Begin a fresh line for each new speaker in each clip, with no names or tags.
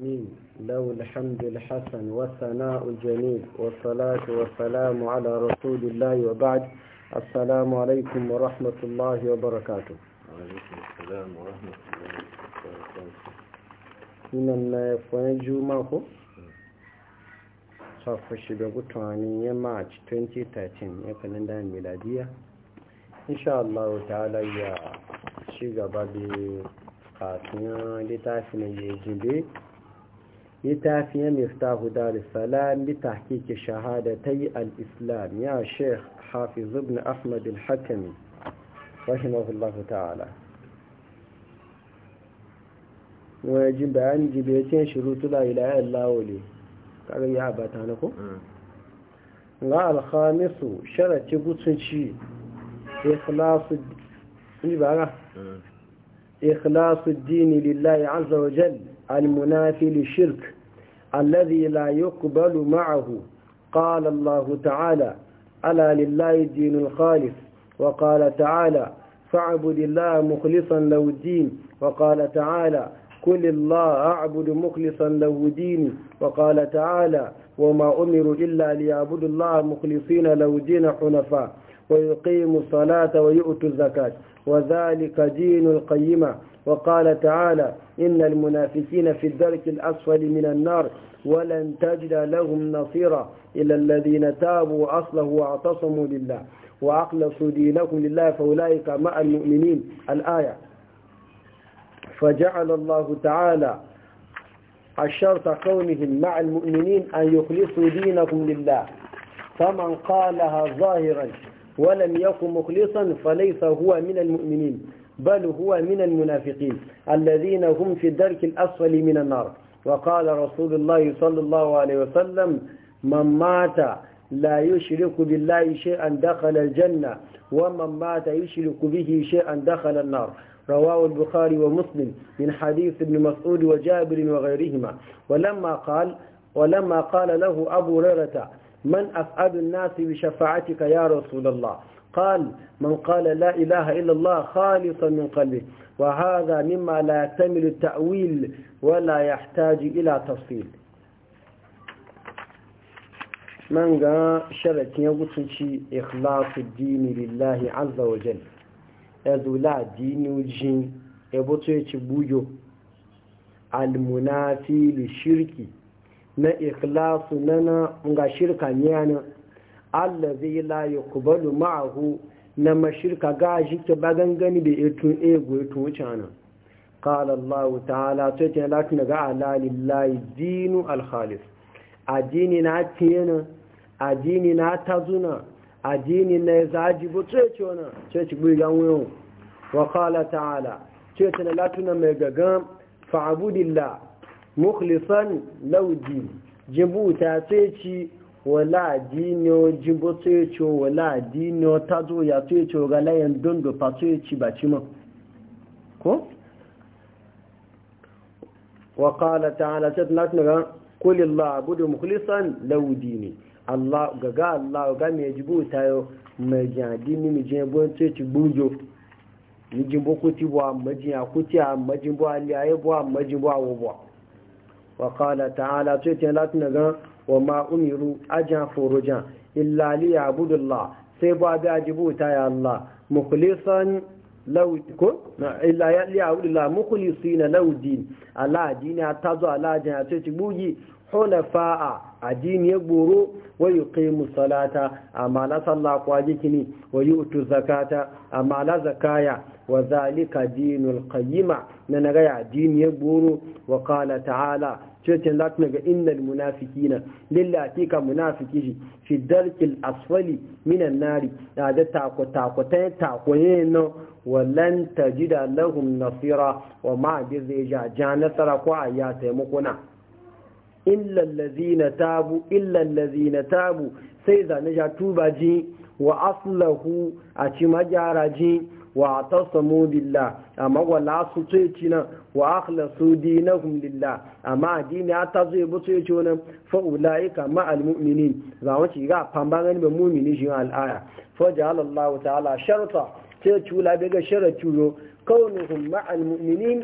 العالمين له الحمد الحسن والثناء الجميل والصلاة والسلام على رسول الله وبعد السلام عليكم ورحمة الله وبركاته
وعليكم السلام ورحمة الله وبركاته
من فنجو ماكو صف الشباب الثانية مارس 2013 يكن عندها ميلادية إن شاء الله تعالى يا شيخ أبابي قاتنا لتعرفنا يجيبه littafiya miftahu darussalam bitahkiki shahadatai al-islam ya sheikh hafiz ibn ahmad al-hakami rahimahullahu ta'ala wani ji bayan jibetin shirutula ilayen lawole ƙarar ya bata na ko? na alhamisu sharaci gutunci ikhlasu dini lillahi azawajal almunafi shirk الذي لا يقبل معه قال الله تعالى ألا لله الدين الخالص وقال تعالى فاعبد الله مخلصا له الدين وقال تعالى كل الله أعبد مخلصا له ديني وقال تعالى وما أمروا إلا ليعبدوا الله مخلصين له دين حنفاء ويقيموا الصلاة ويؤتوا الزكاة وذلك دين القيمة وقال تعالى إن المنافسين في الدرك الأسفل من النار ولن تجد لهم نصيرا إلا الذين تابوا وأصله واعتصموا لله وأخلصوا دينكم لله فأولئك مع المؤمنين الآية فجعل الله تعالى الشرط قومهم مع المؤمنين أن يخلصوا دينكم لله فمن قالها ظاهرا ولم يكن مخلصا فليس هو من المؤمنين بل هو من المنافقين الذين هم في الدرك الأسفل من النار وقال رسول الله صلى الله عليه وسلم من مات لا يشرك بالله شيئا دخل الجنة ومن مات يشرك به شيئا دخل النار رواه البخاري ومسلم من حديث ابن مسعود وجابر وغيرهما ولما قال ولما قال له أبو هريرة من أسعد الناس بشفاعتك يا رسول الله قال من قال لا إله إلا الله خالصا من قلبه وهذا مما لا يكتمل التأويل ولا يحتاج إلى تفصيل من قال شرك يغسنشي إخلاص الدين لله عز وجل لا دين وجين يبطيش بوجو المنافي للشرك na ikhlasu nana ga shirka ne yana allazi la yuqbalu ma'ahu na mashirka gashi ke bagangani da etun ego eh, etun wuce ana qala allah ta'ala to ce la tun ga ala lillahi dinu al khalis adini na tiyana adini na tazuna adini na zaji bu ce ce wannan ce ci gwi gan wuyo wa qala ta'ala ce ce la tun mai gagan fa'budillah mukhlisan lawdi jibuta ce ci wala addini o jimbo to wala addini o tazo ya to ga layan dondo fa to ci ba ci ma ko wa qala ta'ala tatna ga kulillah abudu mukhlisan lahu dini Allah ga Allah ga me tayo me dini mi jimbo to ya bujo ni jimbo ti wa majin ya ti bo ali e bo majin bo awo bo wa qala ta'ala wa ma umiru ajan furujan illa li ya'budullah sai ba da ta ya Allah mukhlisan law ko illa li ya'budullah mukhlisina law din ala dini ta zo ala jin a ce bugi hunafa'a addini ya goro wa yuqimu salata amma salla sallah kwa jikini wa yu'tu zakata amala zakaya wa zalika dinul qayyima na naga addini goro wa qala ta'ala cocin za ta ga innal munafiki na lillati ka munafiki shi fi asfali minan nari na da ta takwaye nan wallan ta ji da lahum nasira wa ma bi zai ja ja nasara ko a ya taimakona illallazina tabu na tabu sai zane ja tuba ji wa aslahu a ci majara ji wa tasamu billah amma wala su ce ci nan wa akhlasu dinakum lillah amma dini ta zai bu ce ci wannan fa ulaika ma al mu'minin za mu ci ga pambangan be mu'mini shi al aya fa ja'ala Allah ta'ala sharta ce ci ula be ga sharatu yo kaunuhum ma al mu'minin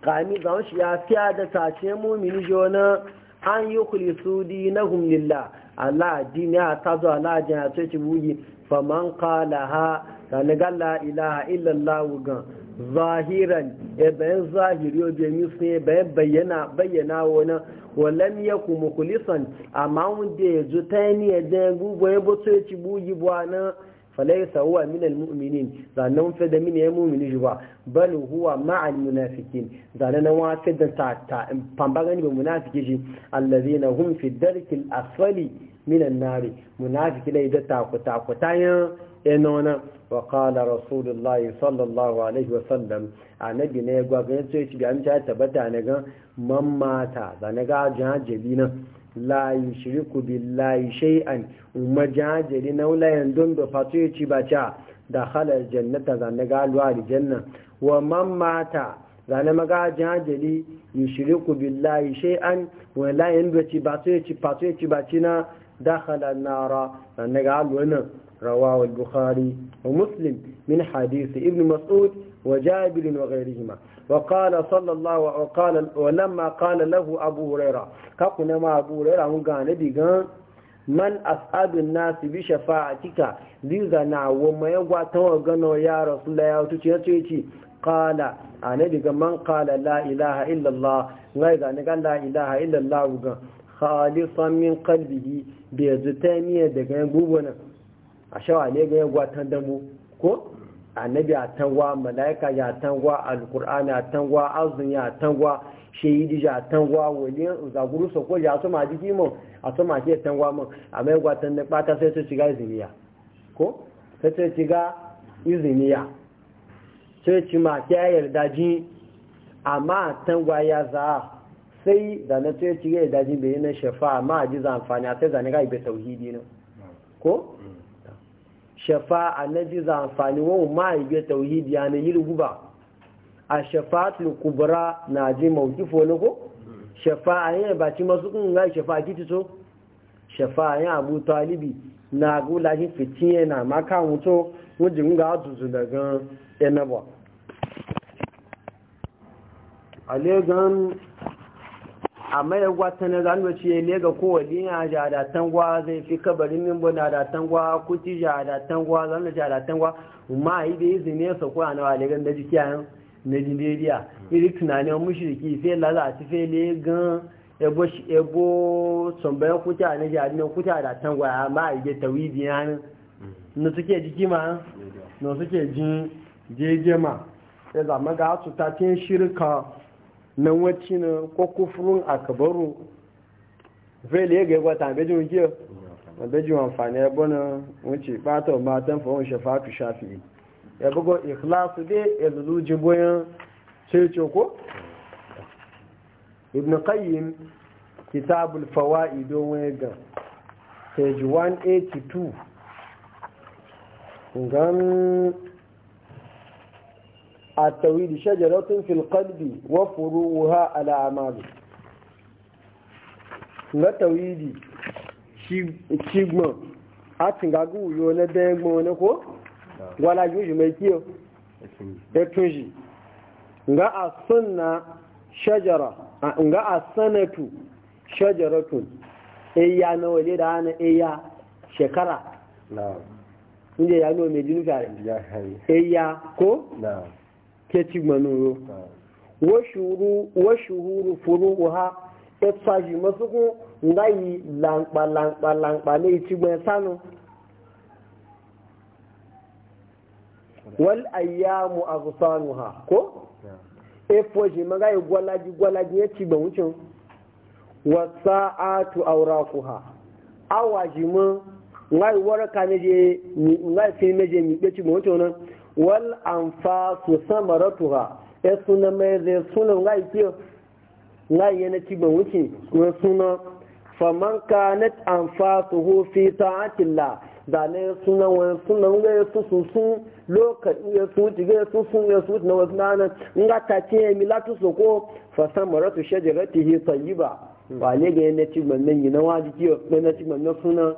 kami za mu ci ya fiya da tace mu'mini jona an yi dinakum lillah Allah dini ta zo na jin ya ce ci bugi faman qalaha kani ga la ilaha illallah gan zahiran ebayin zahiri oje mi sun bayyana bayyana wani walam ya kuma kulisan amma wanda ya zo ta yi ya jan gugu ya boto ya ci bugi buwa na falaisa huwa min almu'minin zanen fi da min ya mu'mini shi ba bal huwa ma'al munafikin na wa fi da ta ta pambagani ba munafiki shi allazina hum fi darkil asfali min an-nari munafiki da ta ku ta ku ta yin enona wa qala rasulullahi sallallahu alaihi wasallam annabi ne gwa ga yace shi ga amsa tabbata ne ga mamata da ne ga jajeli na la yushriku billahi shay'an umma jajeli na wala yandon da fatu yace ba cha da khala jannata da ne ga luwa janna wa mamata da ne maga jajeli yushriku billahi shay'an wala yandon ci ba ci fatu yace ba ci na dakhala nara da ne ga luwa رواه البخاري ومسلم من حديث ابن مسعود وجابر wa وقال صلى الله وقال ولما قال له أبو هريرة كقنا ما أبو هريرة مقال بيقان man as'adun nasu bi kika ziza na wamma ya gwatawa gano ya rasulullah ya wuce ya ce ce qala anabi ga man qala la ilaha illa allah ngai ga ga la ilaha illa allah ga khalisan min qalbihi bi zutaniya daga gubona a shawa ne ga yagwa tan damu ko annabi a tangwa malaika ya tangwa alkur'ani a tangwa azun ya tangwa shehidi ya tangwa wani zaguru soko ya su maji jiki a su maji ya tangwa mun amma yagwa tan da bata sai su shiga iziniya ko sai su shiga iziniya sai ci ma ke yarda ji amma tangwa ya za sai da na ce ci yarda ji bai na shafa amma a ji zamfani a sai zane ga ibe tauhidi ne ko shafa'a na ji za amfani wa ma tauhidi ya na yi guba a shafa'atul kubra na ji mawkifo ne ko shafa'a ya ba masu kun ga shafa'a kiti so shafa'a ya abu talibi na gula shi fitiye na maka mutu wajen ga azuzu daga yanaba a legan amma ya gwata na zanuwa ce ya lega kowane ya ji a datan gwa zai fi kabarin mimbo na datan gwa kuti ji a datan gwa zanuwa ji a datan gwa ma yi da yi zine sako a na legan da jiki yan na jindiriya iri tunanin mushiriki sai laza a ci sai legan ebo tsombayan kuti a na ji a da kuti a datan gwa ya ma yi da tawi biyan na suke jiki ma na suke jin jejema ya zama ga su ta cin shirka na wacce na ko kufurin akabaru fele ga yagwa abejin giya abejin amfani ya bana wuce bata matan fa'on shafatu shafi ya buga ikhlasu dai ya zuzu jiboyin cece ko ibn qayyim kitabul fawaid wani ga page 182 gan. التوحيد شجرة في القلب وفروعها على أعماله na tawidi shigman a tingagu uyo na dengbo wani ko wala yuji mai kiyo da tunji nga a sunna shajara nga a sanatu shajaratun iya na wale da na eya shekara inda ya n'o nome jinuka eya ko ke ci manuro washuhuru furuha etsaji masu kun ngayi lankpa gwalaji gwalaji ngayi wal samara tuha ya e suna mai zai suna nga iki nga yana cibin wuce wa suna faman su hu fi la da ya suna wani suna nga ya su su sun lokaci ya su ci ga su sun ya su na wasu nanan nga ta ce ya tu su ko fa samaratu shajaratihi tayyiba ba hmm. ne ga yana cibin nan yi na wajibi na cibin na suna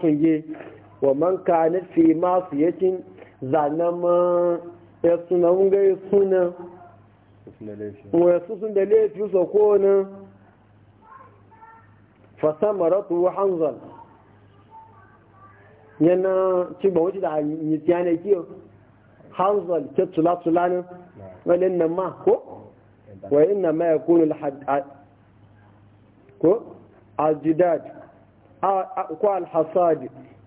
sun yi wa man k'a na fi masu yakin zanama ya suna wunga ya suna wasu sun da laifi so ko na wa hanzal yana ci ba wuce da yi tiyana kiyo hanzal ke tula tula ne walin nan ma ko wa inna ma ya kone ko aljidad ko al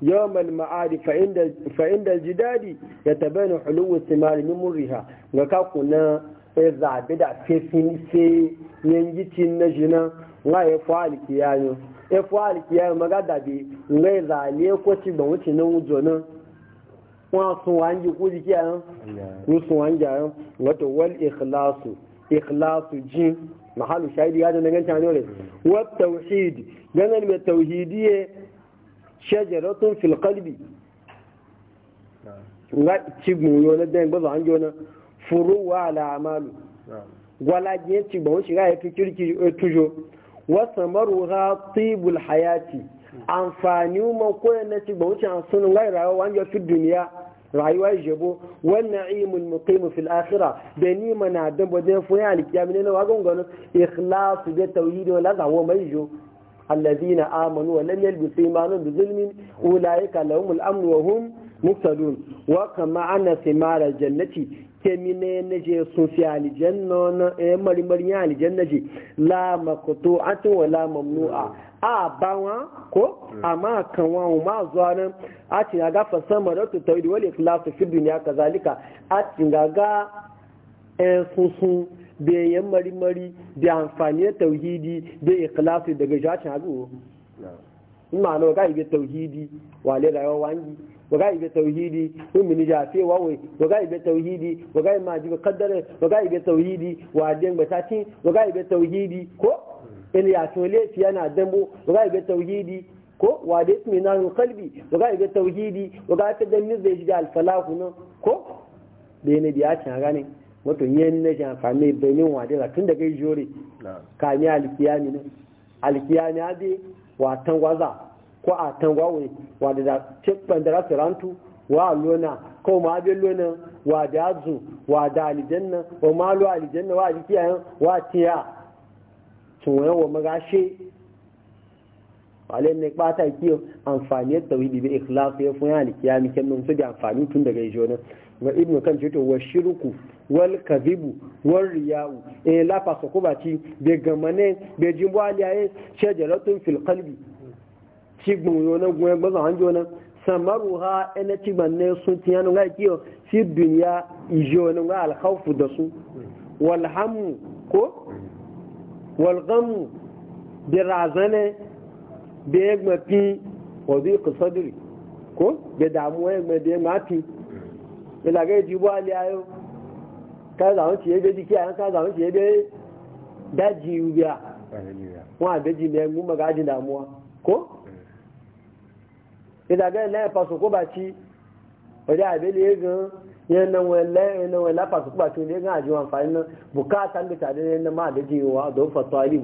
يوم المعاد فعند فعند الجداد يتبين حلو الثمار من مرها وكاكونا إذا بدا في سي ينجي نجنا لا يفعل كيانو يفعل كيانو ما بي لا يزال يكوتي بوتي نوجونا wọ́n sun wá sun jí kú jí kí àrán ní sun wá ń jà rán wọ́tò wọ́n ìkìláàsù mahalu ganar mai shajaratun fil qalbi nga ci yo na den gbaza an jona furu wa ala amalu wala je ci shi shiga ya fi kirki eh, tujo wa samaru ha tibul hayati amfani ma ko na cigbun shi an sun ga rayuwa wanda fi duniya rayuwa jebo wan na'imul muqim fil akhirah da ni mana dan bode fu ya alkiyami ne na wagon gano ikhlasu da tauhidi wala ga wa mai jo الذين آمنوا ولم يلبسوا إيمانهم بظلم أولئك لهم الأمن وهم مقتدون وكما أن ثمار الجنة kemine na je sun fi alijanna na eh marimarin alijanna je la makutu atun wala mamnu'a a bawa ko amma kan wa ma zuwa nan a tin ga sama da wal ikhlas fi dunya kazalika a tin ga sun sunsun. da marimari, mari amfani da amfani tauhidi da ikhlasi daga jashin hagu in ma'ana wa ga'ibe tauhidi tauhidi wale rayuwa wangi wa ga'ibe tauhidi in mini jafe wawai wa ga'ibe tauhidi ga'ibe maji jibe kaddare wa ga'ibe tauhidi wa den gbatatin wa ga'ibe tauhidi ko in ya tole yana dambo wa ga'ibe tauhidi ko wa da ismi na nun kalbi wa ga'ibe tauhidi ga'ibe tauhidi wa ga'ibe tauhidi da alfalahu ko wa ga'ibe tauhidi wa gane wato yin na shi amfani benin wadira tun daga jori kami alkiyami ne alkiyami abi wa tangwaza ko a tangwawe wa da cikin da rasirantu wa lona ko ma abi lona wa da azu wa da alijanna wa malu alijanna wa alkiyayen wa tiya wani wa magashe wale ne bata kiyo amfani da tauhidi bi ikhlas ya fun ya alkiyami kenan su da amfani tun daga jori wa ibnu kan jito wa shiruku wal kadhibu wal riya'u e la fa so ko bati be gamane be jimbo aliyaye shajaratun fil qalbi cigbun yona gwen gbazan hanjona samaruha ene su sun tiyanu ga kiyo fi dunya ijona ga al khawfu da su wal hamu ko wal ghamu bi razane bi egma pi wa bi sadri ko be damuwa egma bi ma ti ila ga e jibo aliyayo ka zaun ci ebe diki an ka zaun ci ebe daji yubiya wọn àbẹ́jì ní ẹgbùn magajì damuwa kó ìdàgẹ́ ilẹ̀ ìfàsùnkóbà tí ọjọ́ àbẹ́lẹ̀ gan yẹn na wọn lẹ́ ẹ̀nà wọn láfàsùnkóbà tí wa lé gan àjọ àǹfààní náà bukata ń gbẹ̀tà wa ẹ̀nà máa àbẹ́jì wọn àdó fàtọ́ àìlú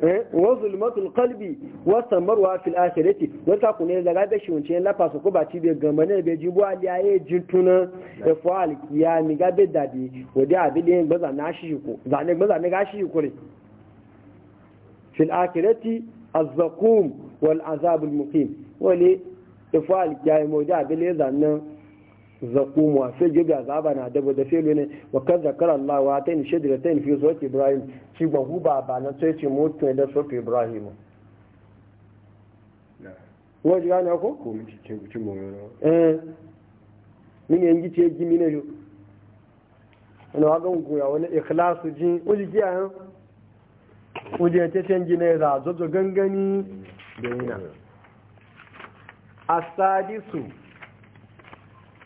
Eh, wa zulmatul qalbi wa samarwa fil akhirati wata kunne daga da shi wancan lafa su ko ba ci be gamba ne be jibu ali aye jintuna e fo al kiyami ga be dadi wadi abili ba za na shi ko za ne ba ne ga shi ko ne fil akhirati azzaqum wal azabul muqim wali e fo al kiyami wadi abili za nan zakumwa sai gibi azaba na dabo da felo ne wa kan zakar Allah wa ta ni da ta ni fi soki Ibrahim shi ba hu ba na sai ce mutu da soki Ibrahim wa ji gane ko ko mu ce ci mu eh min yangi ce gimi ne yo ana wa ga ku ya wani ikhlasu ji ya ki an ji ta ji ne za zo gangani da mm. yana asadisu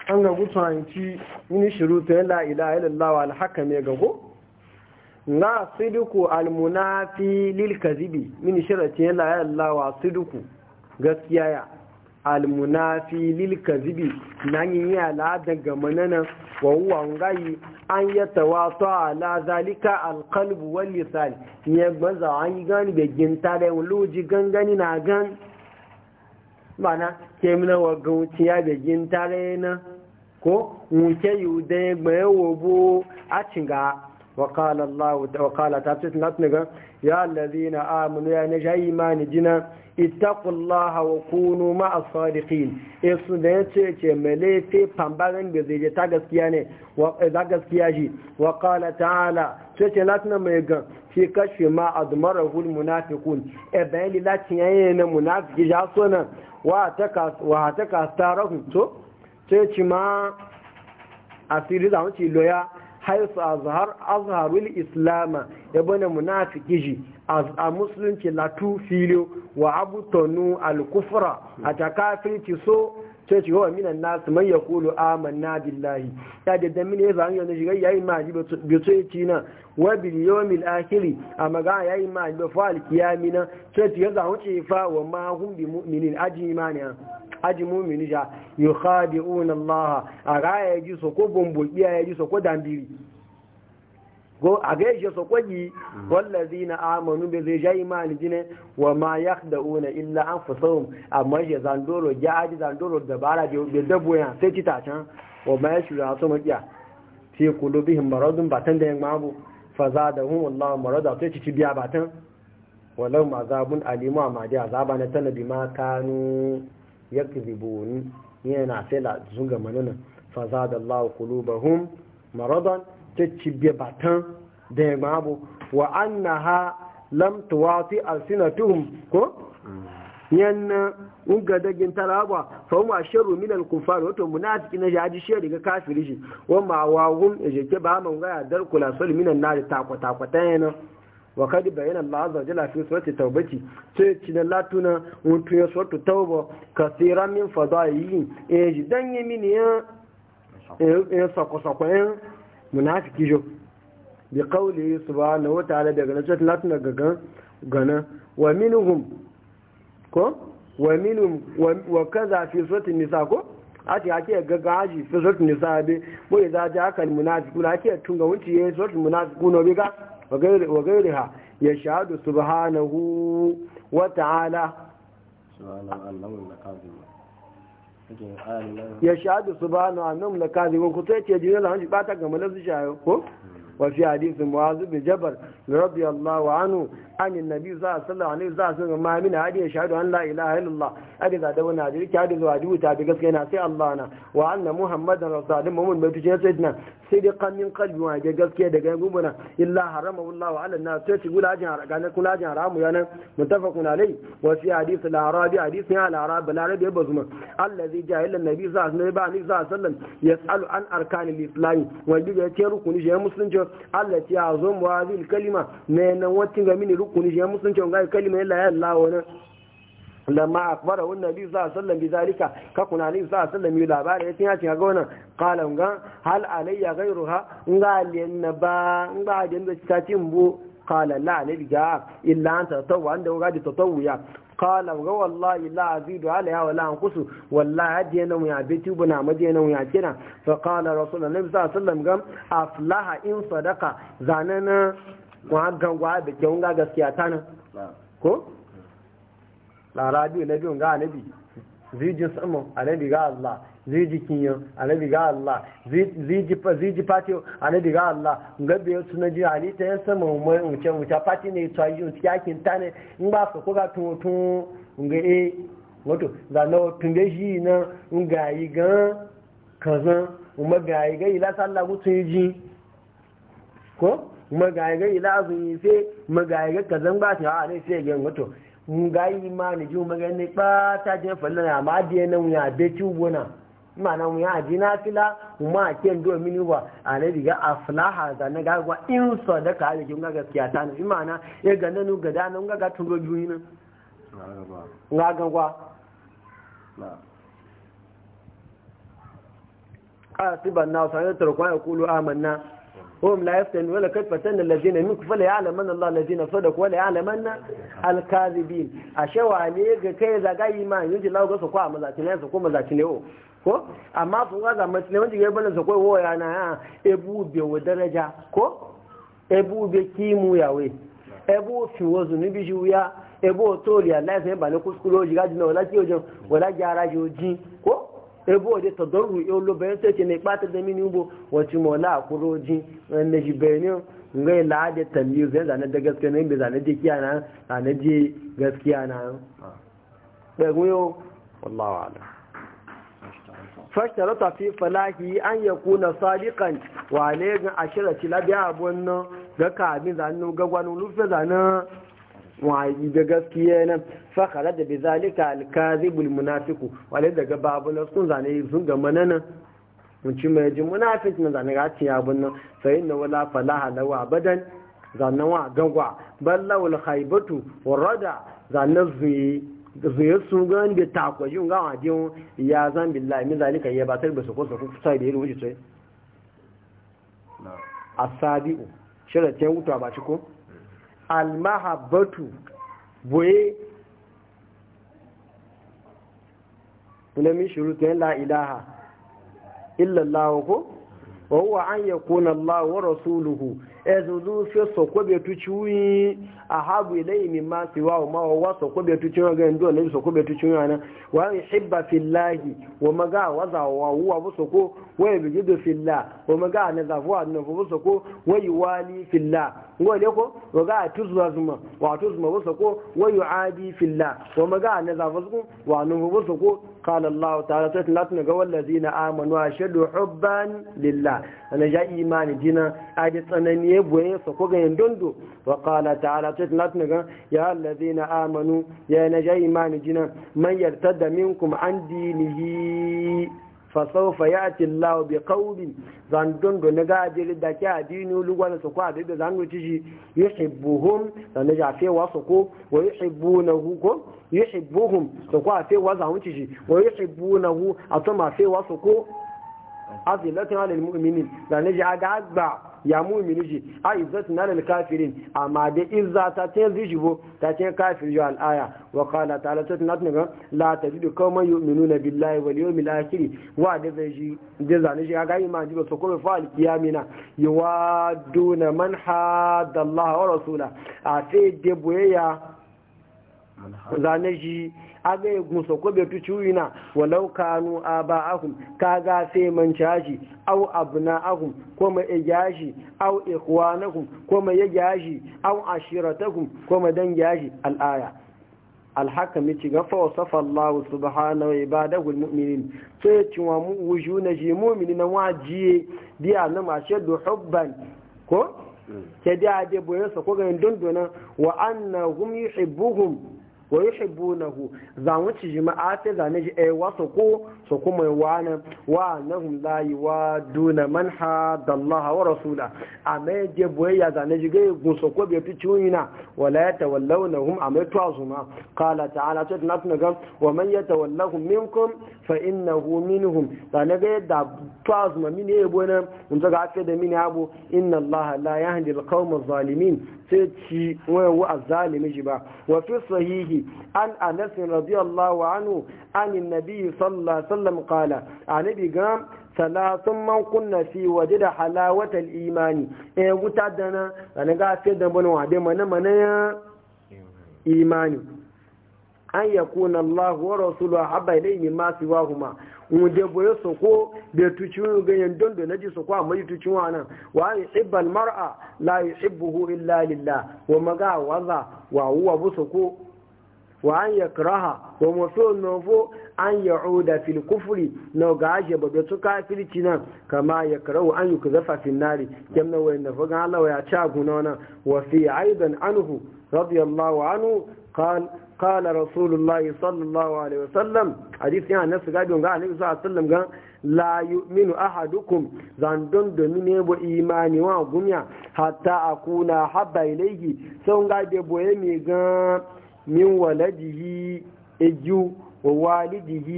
an ga gutuwanci yini shiruta ya la'ila ilallawa alhaka mai gago na sidiku almunafi lil kazibi mini shirata ya la'ila ilallawa sidiku gaskiya ya almunafi lil zibi na yi al'adar ga manana wawuwan gayi an yi tawato ala zalika alqalbu wal ya gbanza an yi gani da ginta da loji gangani na gan bana kemina wa gauci ya da ginta na ko wunke yudai gbaya wobo a cinga wakala ta fi latinaga ya allazi na aminu ya na sha imani jina itakullaha wa kunu ma a sadiqin esu da ya ce ce mai laifi pambarin da zai je ta gaskiya ne e, za gaskiya shi wakala ta ala ce ce latina mai gan fi kashe ma a dumarar hul munafikun e bayan lilacin yanayi na munafiki ja wa ta kasta rahun sai ci ma asiri za wuce loya haisu azhar azharul islama ya bane munafiki ji a musulunci latu filo wa abutonu alkufra a takafirci so sai ci wa minan nasu man ya kulu na billahi ya da mini ya zan yana shiga yayi ma ji bi ya ci na wa bil akiri a magana yayi ma bi fa al kiyamina sai ci ya zan wuce fa wa ma bi mu'minin ne aji mumini ja unan laha a raya ji so ko bombokiya ya ji so ko dambiri go a ga yaje yi kwaji na amanu bi zai jayi ni jine wa ma una illa an anfusahum amma ya zandoro ya aji zandoro dabara da daboya sai ci tacan wa ma ya yashura so makiya fi bihin maradun batan da yan mabu da hun Allah marada sai ci biya batan walau ma zabun alimu amma jiya zaba na tanadi ma kanu yakdhibun yana fela zunga manana fa zada Allah ta maradan taccibe batan da ya babu wa annaha lam tuwati alsinatuhum ko unga dagin taraba fa huma sharru min al wato munafiki na jaji shi daga kafiri shi wa ma wa hum ejeke ba mun ga dar kula sal min an ta taqwa taqwa wa kadi bayan Allah azza wa jalla fi surati tawbati sai cinan latuna wato e ya suratu tauba kasira min fadayi e jidan yamini ya e sako sako yan munafiki jo bi qawli subhanahu wa ta'ala daga nan surati latuna gaga gana wa minhum ko wa minhum wa kaza fi surati nisa ko ati ake gaga aji fi sort nisa be bo idza ja kal kuna ake tunga wuci ye sort kuna. be ga wa gairiha yashhadu subhanahu wa ta'ala ya shahadu su ba na annum la kazi ko sai ce jinan hanji bata ga malazu shayo ko hmm. wa fi hadisi muazu bi jabar radiyallahu anhu an annabi sallallahu alaihi wasallam ma min hadi ya shahadu an la ilaha illallah adi da da wannan hadisi hadi zuwa dubu ta bi gaskiya na sai Allah na wa anna muhammadan rasulun mu'min bai tuje sai dinan sai dai kamin kalbi da ga gaskiya daga gubuna illa harama wallahu ala nas sai ci gula jin haraka kula jin haramu yana muttafaqun alai wa fi hadith al-arabi hadith ya al-arab al-arabi bazuma allazi ja'ala annabi sallallahu alaihi wasallam yas'alu an arkan al-islam wa bi rukuni je musulunci allati kalima me na wacin ga mini rukuni ya musun ce ngai kalima la ilaha illallah wannan lamma akbara wa nabi sallallahu alaihi wasallam bizalika ka kuna ni sallallahu alaihi wasallam yi labari yace ya ce ga wannan qala ngan hal alayya ghayruha nga liyan ba nga da da ta cin qala la nabi ga illa anta tawwa anda ga da tatawuya qala ga wallahi la azidu alayha wa la anqusu wallahi hadiyana mu ya bitu buna madiyana mu ya kina fa qala rasulullahi sallallahu alaihi wasallam gam aflaha in sadaqa zanana wa gwa da ke wunga gaskiya ta nan ko larabi na biyun ga anabi ziji samu anabi ga Allah ziji kinyo anabi ga Allah ziji fa ziji patio anabi ga Allah ga biyo suna ji ali ta samu mai unce unce pati ne to yi ti yakin ta ne in ba su ko ga tun tun nga e eh, wato da no tun da shi na nga yi gan kazan umma ga yi ga ila sallahu tun ji ko magayaga ila azu yi fe magayaga kazan ba ta a ne sai ga wato ngai ma ne ji magana ne ba ta je fallana amma diye nan ya be na ma na mu ya ji na fila kuma ken do mini wa a ne diga aflaha da na ga wa in so da ka ji ga gaskiya ta ne imana ya ga nanu ga da nan ga ga turo juyi na ga ga kwa a tiban na sanar tarkwa ya kulu amanna hum la yaftanu wala kad fatanna allazina minkum fala ya'lamanna Allah allazina sadaqu wala ya'lamanna al-kadhibin ashawa ne ga kai zaga imani yaji lawo ga su kwa mazaci ne su ko mazaci ne o ko amma su ga zama ne wanda ya bala su ko woya na ya ebu be wa daraja ko ebu be kimu we? ebu fi wazu ni biju ya ebu otori Allah sai ba ne kuskuro jina wala ki wala gyara ji ko ebo de tọdọrù olo bẹrẹ tẹsẹ ní ipa tẹsẹ mi ní ubo wọn ti mọ náà kúrò jí ẹnẹ jì bẹrẹ ní de tambi zan zane da gaskiya na imbe zane de kiya na zane de gaskiya na ɗagun yau wallahu ala fashta rata fi falahi an ya kuna sadiqan wa ne ga ashirati labiya abun ga kabin zanen gagwanu lufe zanen wani da gaskiya nan fakara da bi zalika alkazibul munafiku wale daga babu na sun zane sun ga mun ci mai ji munafiq na zane ga abun nan sai na wala falaha lawa abadan zannan wa gangwa ballawul haibatu warada zannan zuyi zuyi su gan da takwajin ga wajen ya zan billahi min zalika ya ba tarbi su ko su kusa da yiru wuce sai asabi'u shirya ta wuta ba ci ko almahabbatu boye na min shurutun la illallahu ko wa huwa an yakuna Allah wa rasuluhu ezuzu fi sokobe tu chuwi ahabu ilai mi ma siwa ma wa sokobe chuwi ga ndo ne sokobe chuwi ana wa yuhibba fillahi wa maga waza wa huwa bu soko wa yujidu fillah wa maga na zafuwa na bu soko wa yuwali fillah ngo le ko wa ga tuzwa zuma wa tuzma bu soko wa yuadi fillah wa maga na zafu wa nu bu soko قال الله تعالى تتلاتنا قوى الذين آمنوا أشد حبا لله أنا جاء إيمان جنا أجد أنني يبوين سقوق يندندو وقال تعالى تتلاتنا يا الذين آمنوا يا نجا إيمان جنا من يرتد منكم عن دينه فسوف يأتي الله بقول زندندو نجا أجل دكا دينه لغوانا سقوق أبدا زندو تجي يحبهم زندجا في وسقوق ويحبونه yuhibbuhum to ko fe wa za hunci shi wa yuhibbunahu a to ma fe wa su ko azilatun alal mu'minin da ne ji aga agba ya mu'mini ji a izzatun alal kafirin amma da izza ta ce zijibo ta ce kafir yo al'aya wa qala ta'ala ta tunatun ga la tajidu qauman yu'minuna billahi wal yawmil akhir wa da da ji aga ji so ko fa al qiyamina yuwaduna man wa rasula a de zane shi ga ya gusa ko bai tuci walau kanu a ba ahun ka ga sai man cashi au abna ahun ko ma ya gyashi au ikhwanahum ko ma ya gyashi au ashiratahum ko ma dan gyashi al'aya alhakam yace ga fa wasafa Allah hana wa ibadahu almu'minin sai ci wa mu na ji mu'minina wajiye biya na mashadu hubban ko mm. ke a ade boye sa ko ga dondona wa annahum yuhibbuhum wa yuhibbunahu za wuce jima'a ta zane shi ai eh, wa ko su kuma wani wa annahum la yuwaduna man Allah wa rasula mai je boyayya zane shi gai gun so ko bai fi ciyuna wala yatawallawnahum amma to azuma qala Kala ta na suna ga wa man min kun? fa in na innahu minhum zane gai da to azuma mini yabo nan ta ga ake da min mini abu na Allah la yahdi alqawma adh mazalimin. sai ci wayawu a zalimi shi ba wa fi sahihi an anasin radiyallahu anhu an nabi sallallahu sallam kala a nabi ga salatun man kunna fi waje da halawatar imani e wuta dana ranar ga fi da bani wade mana mana ya imani an yakuna Allah wa rasuluhu habba ilayhi ma siwahuma wunde boye soko da tuci ganyen don da naji soko amma yi tuci wa nan wa yi tsibbal mar'a la yi tsibbuhu illa lillah wa maga waza wa huwa bu soko wa an ya wa maso nofo an ya oda fil kufuri na ga ashe babu su kafirci nan kama ya kirahu an yi kuzafa fil nari kemna wa yana fagan Allah ya ci a guna wa fi aidan anhu radiyallahu anhu kan قال رسول الله صلى الله عليه وسلم حديث يعني نفس قاعد يقول عليه الصلاة والسلام قال لا يؤمن أحدكم زندون ايماني وإيماني غنيا حتى أكون أحب إليه سون بو يبوهمي غان من ولده اجو ووالده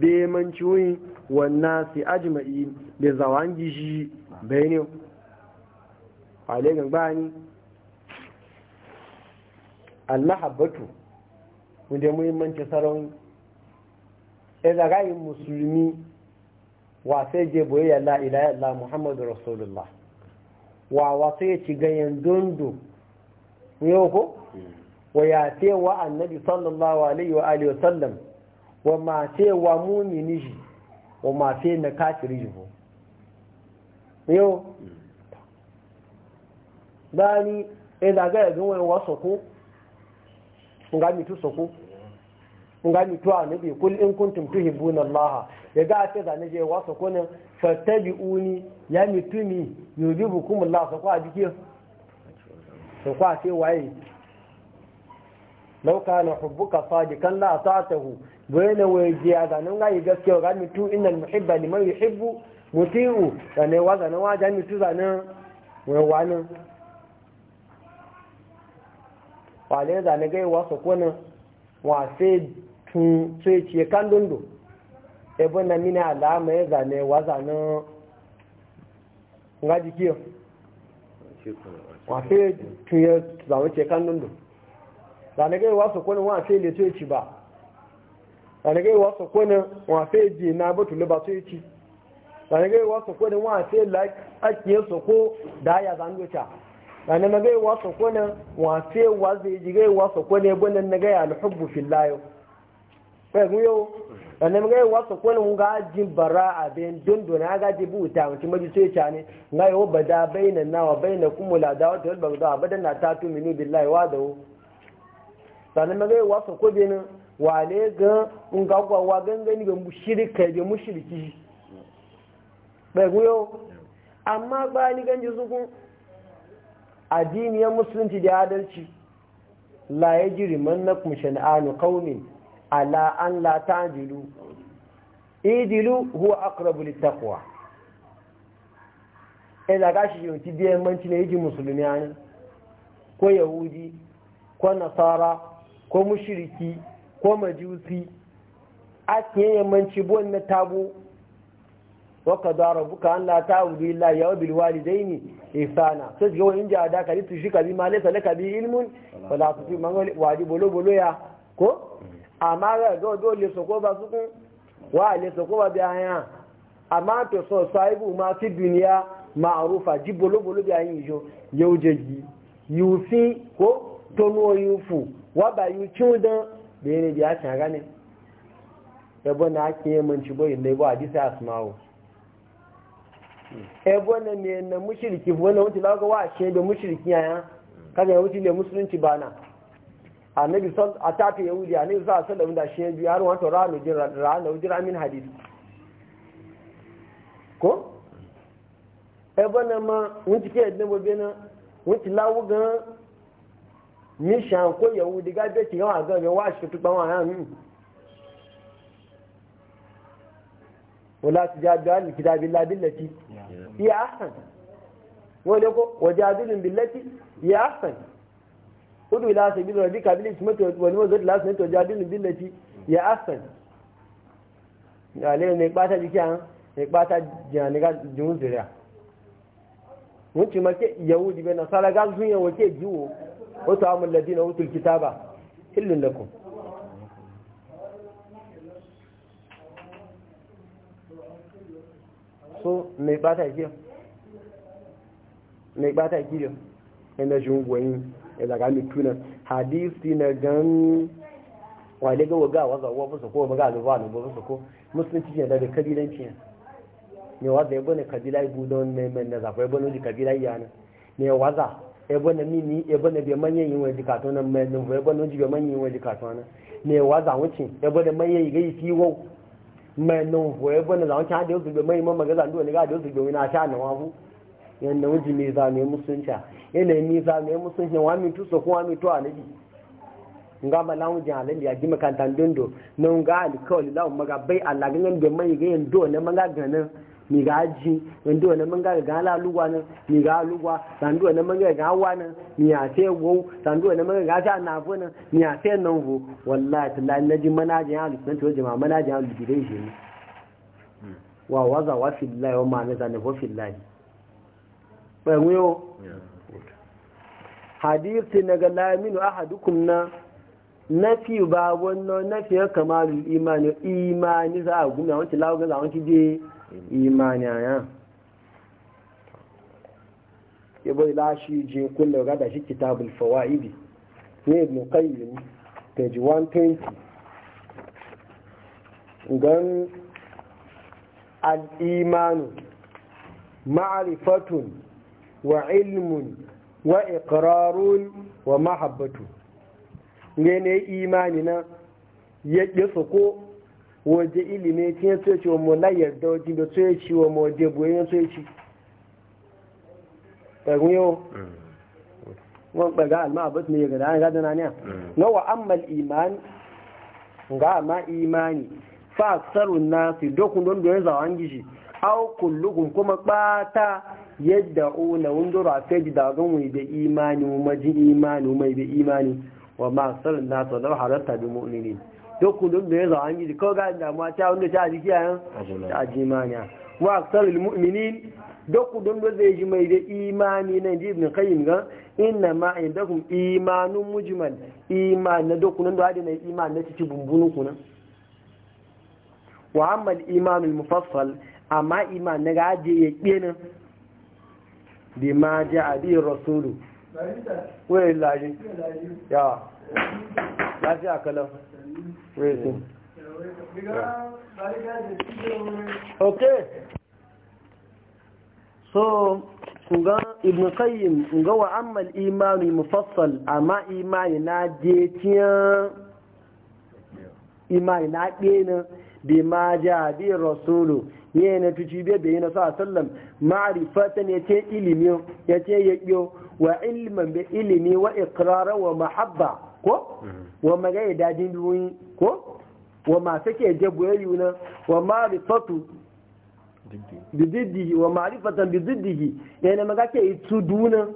بمنشوين والناس اجمعين بزوانجي بينهم عليه غباني الله حبته wanda muhimmanci sarauni ɗaya ga yi musulmi wa sai je boyayya la muhammadu rasulullah wa wasu ya ci ganyen dondo yau ko wa ya ce wa annabi sallallahu alaihi wa alihi wasallam wa ma ce wa mumini shi wa ma ce na kafiri jibo yau mm. bani ɗaya ga zuwa wasu ko nga mitu soko nga mitu annabi kul in kuntum tuhibbuna Allah ya ga ta zane je wa soko ne fatabi'uni ya mitu ni yujibukum Allah soko a jike soko a ce waye law kana hubbuka sadikan la ta'tahu bayna wajiya ga nan ga gaskiya ga mitu innal muhibba liman yuhibbu muti'u zane wa zane wa jan mitu zane wa wani wale za na gai wasu kunan wafe tun sai ce ebe na mini alama ya zane waza na nga jiki ya zama ce kan dundu za na gai wasu kunan wafe le sai ci ba za na gai wasu kunan wafe ji na batulu ba sai ci za na gai wasu kunan wafe like ake soko da ya zangocha ana na gai wasa kone wafe waza yi gai wasa kone gwanan na gai alhubbu fillayo kai mu yau ana na gai wasa kone mun ga ji bara a bayan dundun na ga ji buta mutum maji sai ta ne na yau bada bayna nawa bayna kumula da wata wal bagda abadan na ta tu minu billahi wa dawo sana na gai wasa ko benin wale ga mun ga gwawa gangani ga mushrika ga mushriki kai mu yau amma ba ni ganji zukun addiniyar musulunci da adalci la ya jiri mannakun shan'anu kaunin ala an la jilu idilu huwa akrabu littakuwa ina gashi wuti biyan manci na yiji musulmi ne ko yahudi ko nasara ko mushiriki ko majusi a kiyayen manci buwan na tabo wakada rabuka an la ta'budu illa iyyahu wabil walidayni ihsana sai ga wani inji ada ka li tushika bi ma laysa laka ilmun wala tu man wali bolo ya ko amma ga do do le so ko ba su ko wa le so ko ba bi aya amma to so saibu ma fi duniya ma'arufa ji bolo bolo bi ayin jo yo je ji yufi ko tonu oyufu wa ba yu chudan bi ni bi a ga ne ebo na ke mun ci boye ne bo adisa asmawo ebo na me na mushriki wala wuti la wa she da mushriki yaya kaga wuti le musulunci bana annabi sal atata yahudi annabi a sallallahu da she biyu har wato ranu jira ranu jira min hadisi ko ebo na ma wuti ke da bobe na wuti lawu ga mi ko yahudi ga be ti ga ga wa she tu ba wa nan wala tujadu al kitabillahi billati ya ahsan wani ko wajadilun billati ya ahsan hudu ila sabili rabbika bil hikmati wal wazat la sanatu wajadilun billati ya ahsan yale ne pata jiki an ne pata jani ga jun zira mun ci make yahudi be nasara ga sun yawo ke jiwo wato amul ladina utul kitaba illun lakum so mai bata kiyo mai bata kiyo ina jin goyin ila ga mituna hadisi na gan wale ga waga waza wa fusa ko maga alwa ne ba fusa ko musulunci ne daga kabilanci ne ne waza ya bane kabila ibu don ne na zafa ya bane ji kabila ya ne ne waza ya bane mini ya bane bai manyan yin waje katon na men ne ya bane ji bai manyan yin waje katon na, ne waza wuce ya bane manye yi ga yi fiwo mai nan hoye bane zan ta da yau mai mamma ga zan duwa ga da yau gobe na sha na wahu yanda wuji me za ne musunta yana mi za ne musunta wa mi tuso ko wa mi to bi nga malan wuji halin ya ji makantan dindo nan ga alkawli lawo maga bai Allah ganin da yi maga ganin mi ga aji wanda wani mun ga ga laluwa nan mi ga aluwa sandu wani mun ga ga wa nan mi ya sai wo sandu wani mun ga ta na fu nan mi ya sai nan fu wallahi tallahi naji manajin ahlus sunna wal jamaa manajin ahlus bidai shi wa waza wa fillahi wa ma naza ne wa fillahi ba mu yo hadisi naga la yaminu ahadukum na nafi ba wannan nafi ya da imani imani za a gumi a wancan lagos a wancan je imani a yan bai lashi je kullum gada shi kitabul fawaidi ne ibn qayyim page 120 gan al-imanu ma'rifatun wa ilmun wa iqrarun wa mahabbatun ne imani na ya soko waje ilimi tiye tsoci mu mola yarda waje da tsoci mu mawaje buwe ya ci. ɗagun yau wọn ɓaga alma abus ne ga dana gadana ne na wa ammal iman ga ma imani fa sarun nasi dokun don doyen zawon gishi au kullukum kuma ɓata yadda una wundura feji da ganwai da imani mu maji imani mai da imani wa ma aksarun nasu wa zama halatta bi mu'minin dokunan da ya zama an yi ko ga damuwa ta wanda ta jiki a ta jimaniya wa aksarul mu'minin dokunan da zai ji mai da imani na ji ibn qayyim ga inna ma indakum imanun mujmal iman na dokunan da hadin iman na cikin bumbunun na, wa amma al-imanul mufassal amma iman na gaje ya kenan bima ja'a bi rasulu wai layi ya lafi a kalan wai sun ok so kunga ibn qayyim kunga wa amma al-iman al-mufassal amma imani na je tiyan imani na dena bi ma ja bi rasulu na tuci be be yana sa sallam ma'rifatan yace ilimi yace yakyo wa ilman bi ilimi wa ikrara wa mahabba ko mm-hmm. wa magaya dadin duwi ko wa ma sake jabu yuna wa ma'rifatu bididdihi wa ma'rifatan bididdihi yana maga ke tuduna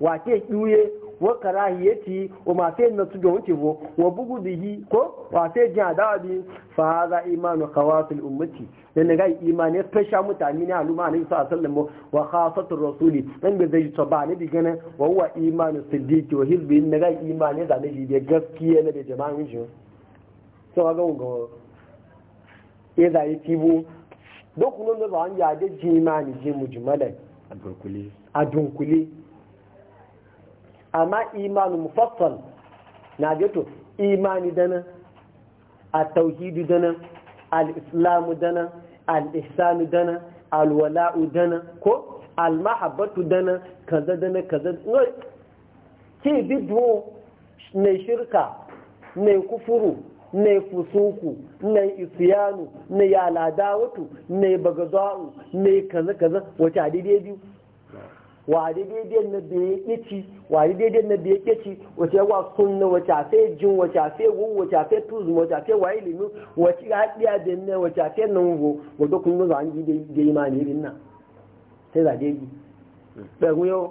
wa ke duye wa karahiyati wa ma sai na tuga wuce bo wa bugu bihi ko wa sai jin adawa bi fa hadha imanu khawasul ummati dan ga imani fasha mutane ne aluma ne sallallahu wa khasatu rasuli dan be zai to ba ne bi gane wa huwa imanu siddiqi wa hizbi dan ga imani da ne bi gaskiya ne da jama'in shi so ga go ya yi tibu dokunan da ba an jimani je a dunkuli a amma imanu mufassal na gato imani dana a tauhidu dana al-islamu dana al-ihsanu dana al-wala'u dana ko al-mahabbatu dana kaza dana kaza ke bidwo ne shirka ne kufuru ne fusuku ne isyanu ne yaladawatu ne bagaza'u ne kaza kaza wace adidai biyu wari daidai na da ya ƙici wari daidai na da ya ƙici wace wa sunna wace afe jin wace afe gun wace afe tuzum wace afe waye ilimin wace ga haɗiya da ne wace afe nan go wato kun zo an ji da imani irin nan sai za daidai ɗan yau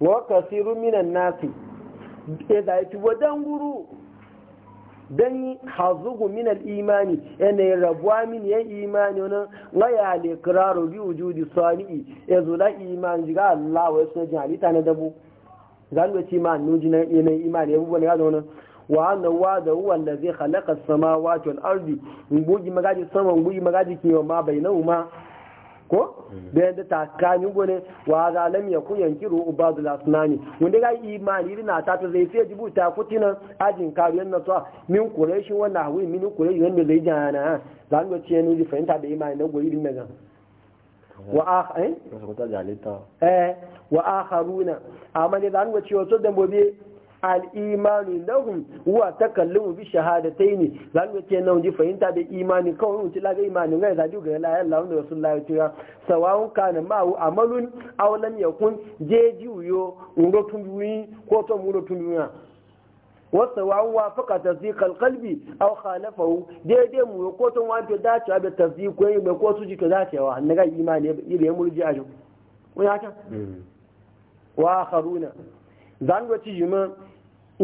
wa kasiru minan nasi ya zai ci wajen guru dan hazugu min al-imani yana rabuwa min ya imani wannan ngaya le kiraru bi wujudi sani yazo da imani diga Allah wa sunna jalita na dabu zan ga ma nuji na yanayin imani ya bubuwa ne ga wannan wa anna da huwa allazi khalaqa as-samawati wal ardi bugi magaji sama nguji magaji kiyo ma bainahuma ko da yadda takanin gone wa za lam ya kun yanki ru'u ba da lasnani wanda ga imani na ta ta zai sai jibuta kutina ajin kariyan na to min quraishi wannan hawi min quraishi wanda zai jana zan ga ce ni fahimta da imani na goyi din daga wa akh eh? eh wa akharuna amma da zan ga ce wato dambobe al'imanu lahum wa takallumu bi shahadataini zan ce na ji fahimta da imani kawai mutum laga imani ga zaji ga la ilaha illallah rasulullahi tuya sawawun kana ma'u amalun aw lam yakun jeji uyo ngo tumbi ko to muro tumbi وسواء وافق تصديق القلب او خالفه daidai mu ya kotun wato dacewa da tasdiq ko yi ko su jika dacewa Na ga imani ile ya murji a jin mm. wa akharuna zan ga ci jima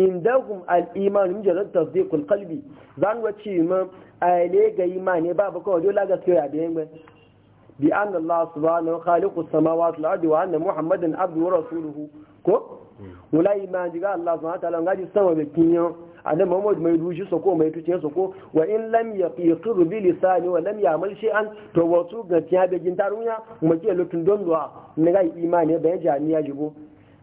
indahum al-iman min jalal tasdiqul qalbi zan wace ma ale ga imani ba ba kawai dole ga tsaya da yanga bi anna allah subhanahu khaliqu samawati wal ardi wa anna muhammadan abdu wa rasuluhu ko wala ma diga allah subhanahu ta'ala ngaji sama be kinyo annabi muhammad mai rushi ko mai tuce ko wa in lam yaqiqir bi lisani wa lam ya'mal shay'an to wasu ga tiya be jin tarunya mu ke lutun don duwa ne ga imani bayan jami'a jigo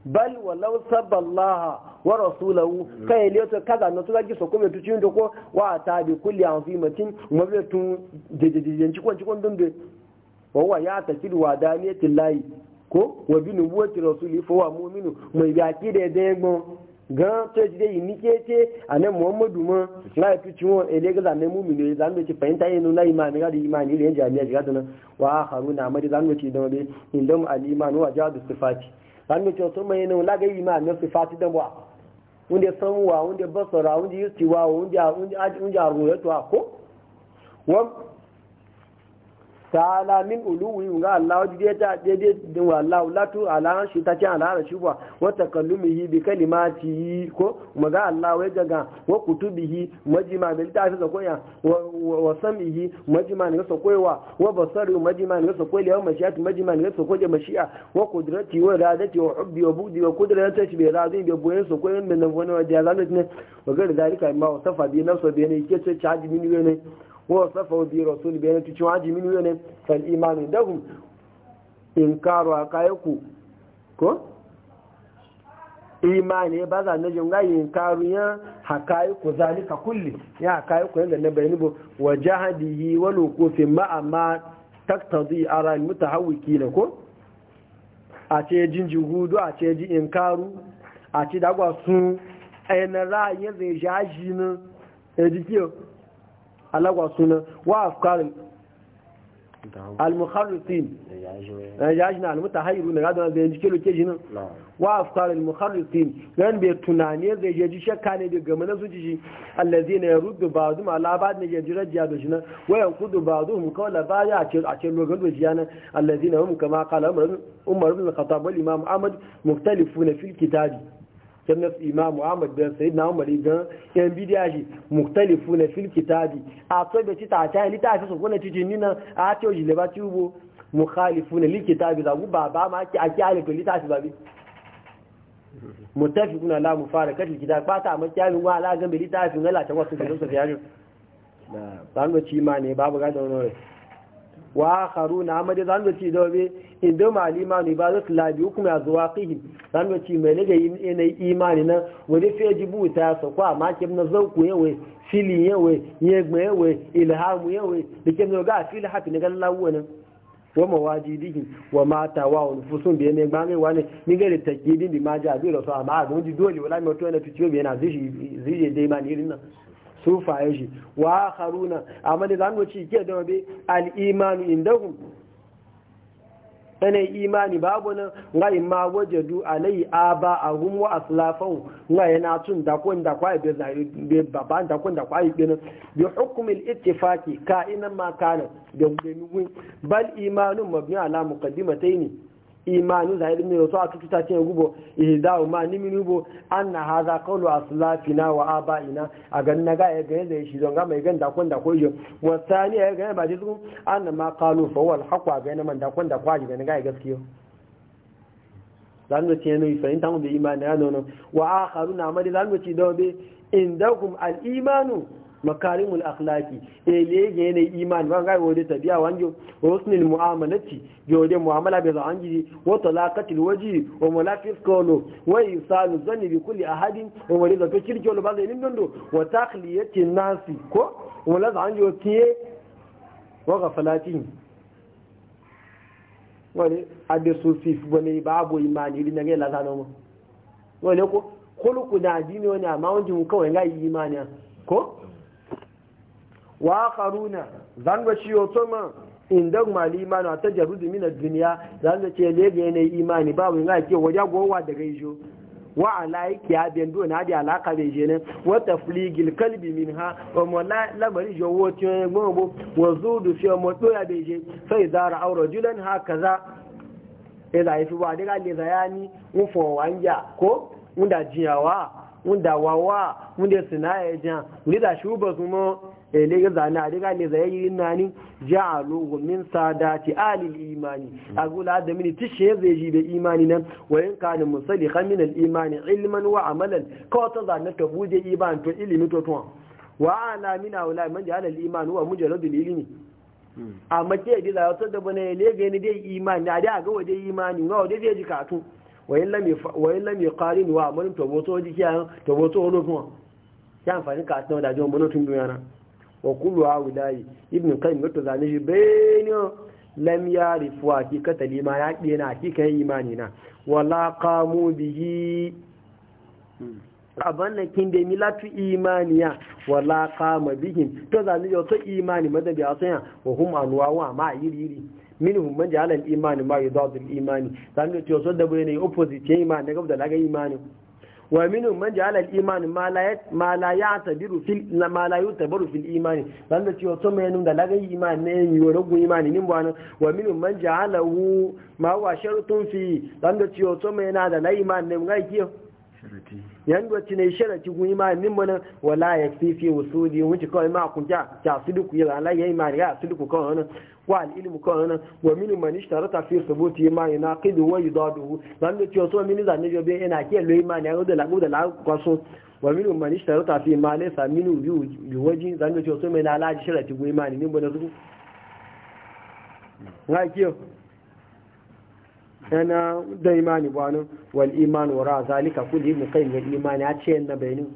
bal walau saballaha wa rasulahu ka yi to kaza no to gaji so ko metu cin ko wa ta bi kulli azimatin wa bi tu jejejejen cikon cikon dunde wa wa ya ta kidwa daniyatil lahi ko wa bi nubuwati rasuli fa wa mu'minu mai bi akide da egbon gan to ji dai ni kete anan muhammadu ma na tu ci won ele ga zanen mu'minu ya zanen ci fahimta yin na imani ga da imani da jami'a ga da wa haruna amadi zanen ci da be indam al iman wa jadu sifati sami cewa sun bayyana wula ga yi ma na sifati da ba wunde sanwa wunde basara wunde yustiwa wunde arroyatuwa ko ta'ala min uluwi ga Allah wajen ta daidai din wallahu latu ala shi ta ce ala shi ba wa takallumihi bi kalimati ko maga Allah wa gaga wa kutubihi majima bil ta sa koya wa samihi majima ne sa koyawa wa basari majima ne sa koyawa wa mashiyat majima ne sa koyawa mashi'a wa qudrati wa radati wa hubbi wa budi wa qudrati shi bi radin bi boyen sa koyawa min nan wani wajen zalunci ne wa ga dalika ma wa safa bi nafsa bi ne yake ce caji min ne ووصفه برسول بيان تشواجي من وين فالإيمان عندهم إنكار حقائقه كو imani ba za na jin gayin karuyan hakayiku zalika ya hakayiku yadda na bayani bu wa jahadihi wa lokofin ma'amma taktadi ara mutahawiki na ko a jin jihudu a ce ji inkaru a ce dagwa sun ainihin ra'ayin zai na alagwa suna wa afkarin المخلصين يجعلنا المتحيرون غادنا زي جي كيلو كيجي وافكار المخلصين لان بي زي جي شكاني دي غمنا سوجي الذين يرد بعضهم على بعض ني جي رجا دوشنا وينقض بعضهم قول بعض اكل اكل لو غندو الذين هم كما قال عمر بن الخطاب والامام احمد مختلفون في الكتاب sannan imam muhammad bin sayyid na umar gan yan bidiya shi muktalifu na fil kitabi a to be ci ta ta ni ta fi so kuna cikin nina a ta yi leba ci ubo mukhalifu na lil kitabi za guba ba ma ki aki ale to litafi babi mutafiquna la mufaraqat al kitab ba ta amma da ba ma ne babu ga wa akharu na amadi zan da ci dobe inda malima ne ba zai labi hukum a zuwa qihi zan da ci mai nage yanayi imani na wani feji buta sa kwa ma ke na zauku ku yawe fili yawe yegma yawe ilhamu yawe da ke a fili hafi na gallawo wani wa mawajidihim wa mata wa wani fusun bi ne gbame wani ni gari takidin bi ma ja bi rasu amma a gundi dole wala mai to na fitiyo bi zai shi zai dai ma ni irin nan faye shi wa haruna amma da mu ci ke da wabe al'imanu indahum yanayi imani babu nan nga imma wajadu alai aba agum wa aslafau nga yana tun da kun da kwai be zari be baba da kun da kwai be bi hukm al ittifaqi ka ina ma kana da gumi bal imanu mabni ala muqaddimataini imani za ilmi wasu a ta ce gubo ihdahu ma ni min gubo kawo a qawlu aslafina wa ina a ganin na gaya ya da ya shi zonga mai gan dakon da kun da koyo wa tani ya ba jisun an na ma kalu fa hakwa haqwa ga ne man da kun da kwaji ga ne ga gaskiya zan ce ne fa intan da imani ya nono wa na amali zan ce da be indakum al imanu makarimul akhlaqi ele eh, ga yana iman ban ga wode tabiya wanjo husnul muamalati jode muamala bi zanji wa talaqatil waji wa mulafis qawlu wa isalu zanni bi kulli ahadin wa walida to kirjo lo bazai nindo wa takhliyatin nasi ko wala zanjo tiye wa ghafalatin wani adesu sif bane babu imani idan ga la sanu wani ko kulu kuna dini wani amma wanjin kawai ga imani ko wa karuna zan ga ciyo tuma inda mali imanu ta jarudu min ad-dunya zan ga ce le ga ne imani babu ga ke waje gowa daga yijo wa alaiki ya biyan dona da alaka da je ne wa tafligil kalbi minha wa mala lamari jo woti ngobo wa zudu fi mo doya be je sai zara aw rajulan hakaza ila yafi ba daga le zayani mu fo wanja ko munda jiyawa munda wawa munda sinaye jan munda shuba kuma ele eh, ga zane a riga ne zai yi nani ja'alu min sadati alil imani agula da mini tishe zai ji da imani nan wayan kana musali khamin al imani ilman wa amalan ko ta zane ta buje iman to ilimi to to wa ala min aula man ja'ala al iman wa mujarrad al ilmi hmm. amma ke ji da da bane ele ga ni dai imani da ga waje imani ga waje zai ji katu wayan lam wayan lam yuqarin wa amalin to boto ji kiyan to boto holofun ya amfani ka tun da jombo no tun duniya na wa kullu ha wilayi ibn qayyim wato zane shi bayani lam yarifu hakikata lima ya ɗaya na hakikan imani na wala qamu bihi abin da kin da milatu imaniya wala qama bihim to zane yau to imani madabi a tsaya wa hum anwawa ma yiriri minhum man ja'ala al-imani ma yudadu al-imani zane yau so da bayani opposite imani daga da laga imani wa minhum man ja'ala al-iman ma la ma la ya'tabiru fil ma la yutabaru fil iman dan da cewa to mai nun da lagai iman ne yi rogo iman nin ba nan wa minhum man hu ma wa shartun fi dan da cewa to mai na da la iman ne ngai kiyo yan doci ne shara ci guni ma nin mana wala ya fi fi usuli wuce kawai ma kun ja ja su duku ya la yayi ma ya su duku kawai nan wa al ilmu kawai nan wa min man ishtarata fi thubuti ma yunaqidu wa yudaduhu dan da ciyo so min zan ne jobe ina ke lo imani ya da lagu da lagu kwaso wa min man ishtarata fi ma laysa minu bi waji zan da ciyo so mai lalaji shara ci guni ma nin mana su ngai kiyo yana da imani bani wal iman wara zalika kulli mu bil imani ya ce na bayanin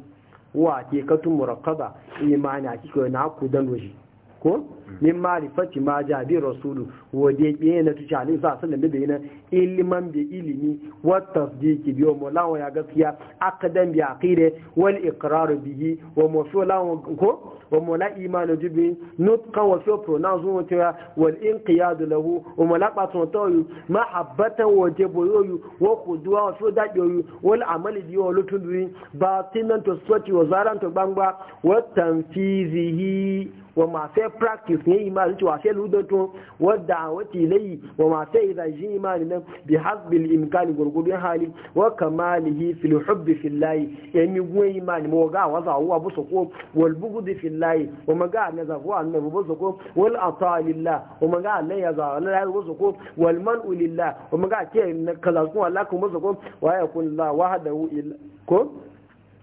wa ke katun murakkaba imani a cikin na ku dan roji ko min marifati ma bi rasulu de biye na tuci ni sa sallan da na ilman bi ilimi wa tasdiqi bi wa lawa ya gaskiya aqdan bi aqide wal iqrar bihi wa mafula ko wa mala iman jibi nutqa wa so pronounce wa ta wal inqiyad lahu wa malaqatu tayu mahabbatan wa yu wa qudwa wa fi yu wal amali bi wa lutubi batinan to swati wa zaran to gbangba wa tanfizihi wa ma sai practice ne imani cewa sai ludoto wadda da'awati ilayhi wa ma sai da shi imani nan bi hasbil imkani gurgudun hali wa kamalihi fil hubbi fillahi ya mi gwe imani mo ga wa zawu abu ko wal bughdi fillahi wa ma ga na zawu an bu ko wal ata lillah wa ma ga la ya zawu la ya bu soko wal man'u lillah wa ma ga ke na kaza ko Allah ko bu soko wa yakun la wahdahu illa ko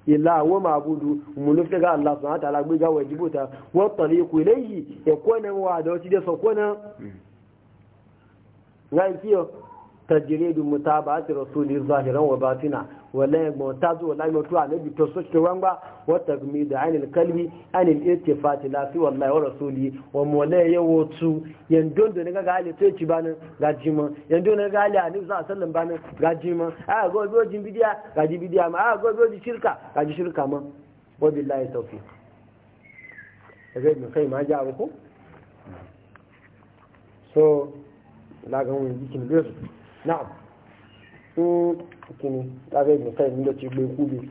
ila wa mabudu mulufi ga Allah subhanahu wa ta'ala gbe ga wajibu ta wa tariqu ilayhi yakuna wa da wati da sakona ngai kiyo tajire bi muta ba ati rasuli zahiran wa batina wala ya mota zo wala ya mutuwa na bi to so wangba wa tagmi da ainihin kalbi ainihin ita fati lafi wala ya rasuli wa mola ya wotu yanzu da nika ga ali sai ci ba nan ga da nika ga ali a nufi sa'a sallan ba nan a ga gobe ojin bidiya ga ji ma a ga gobe shirka ga shirka ma wa billahi taufi. Ezai bin kai ma ji abu ko? na'am in kini kaga ibn qayyim da ci bai kubi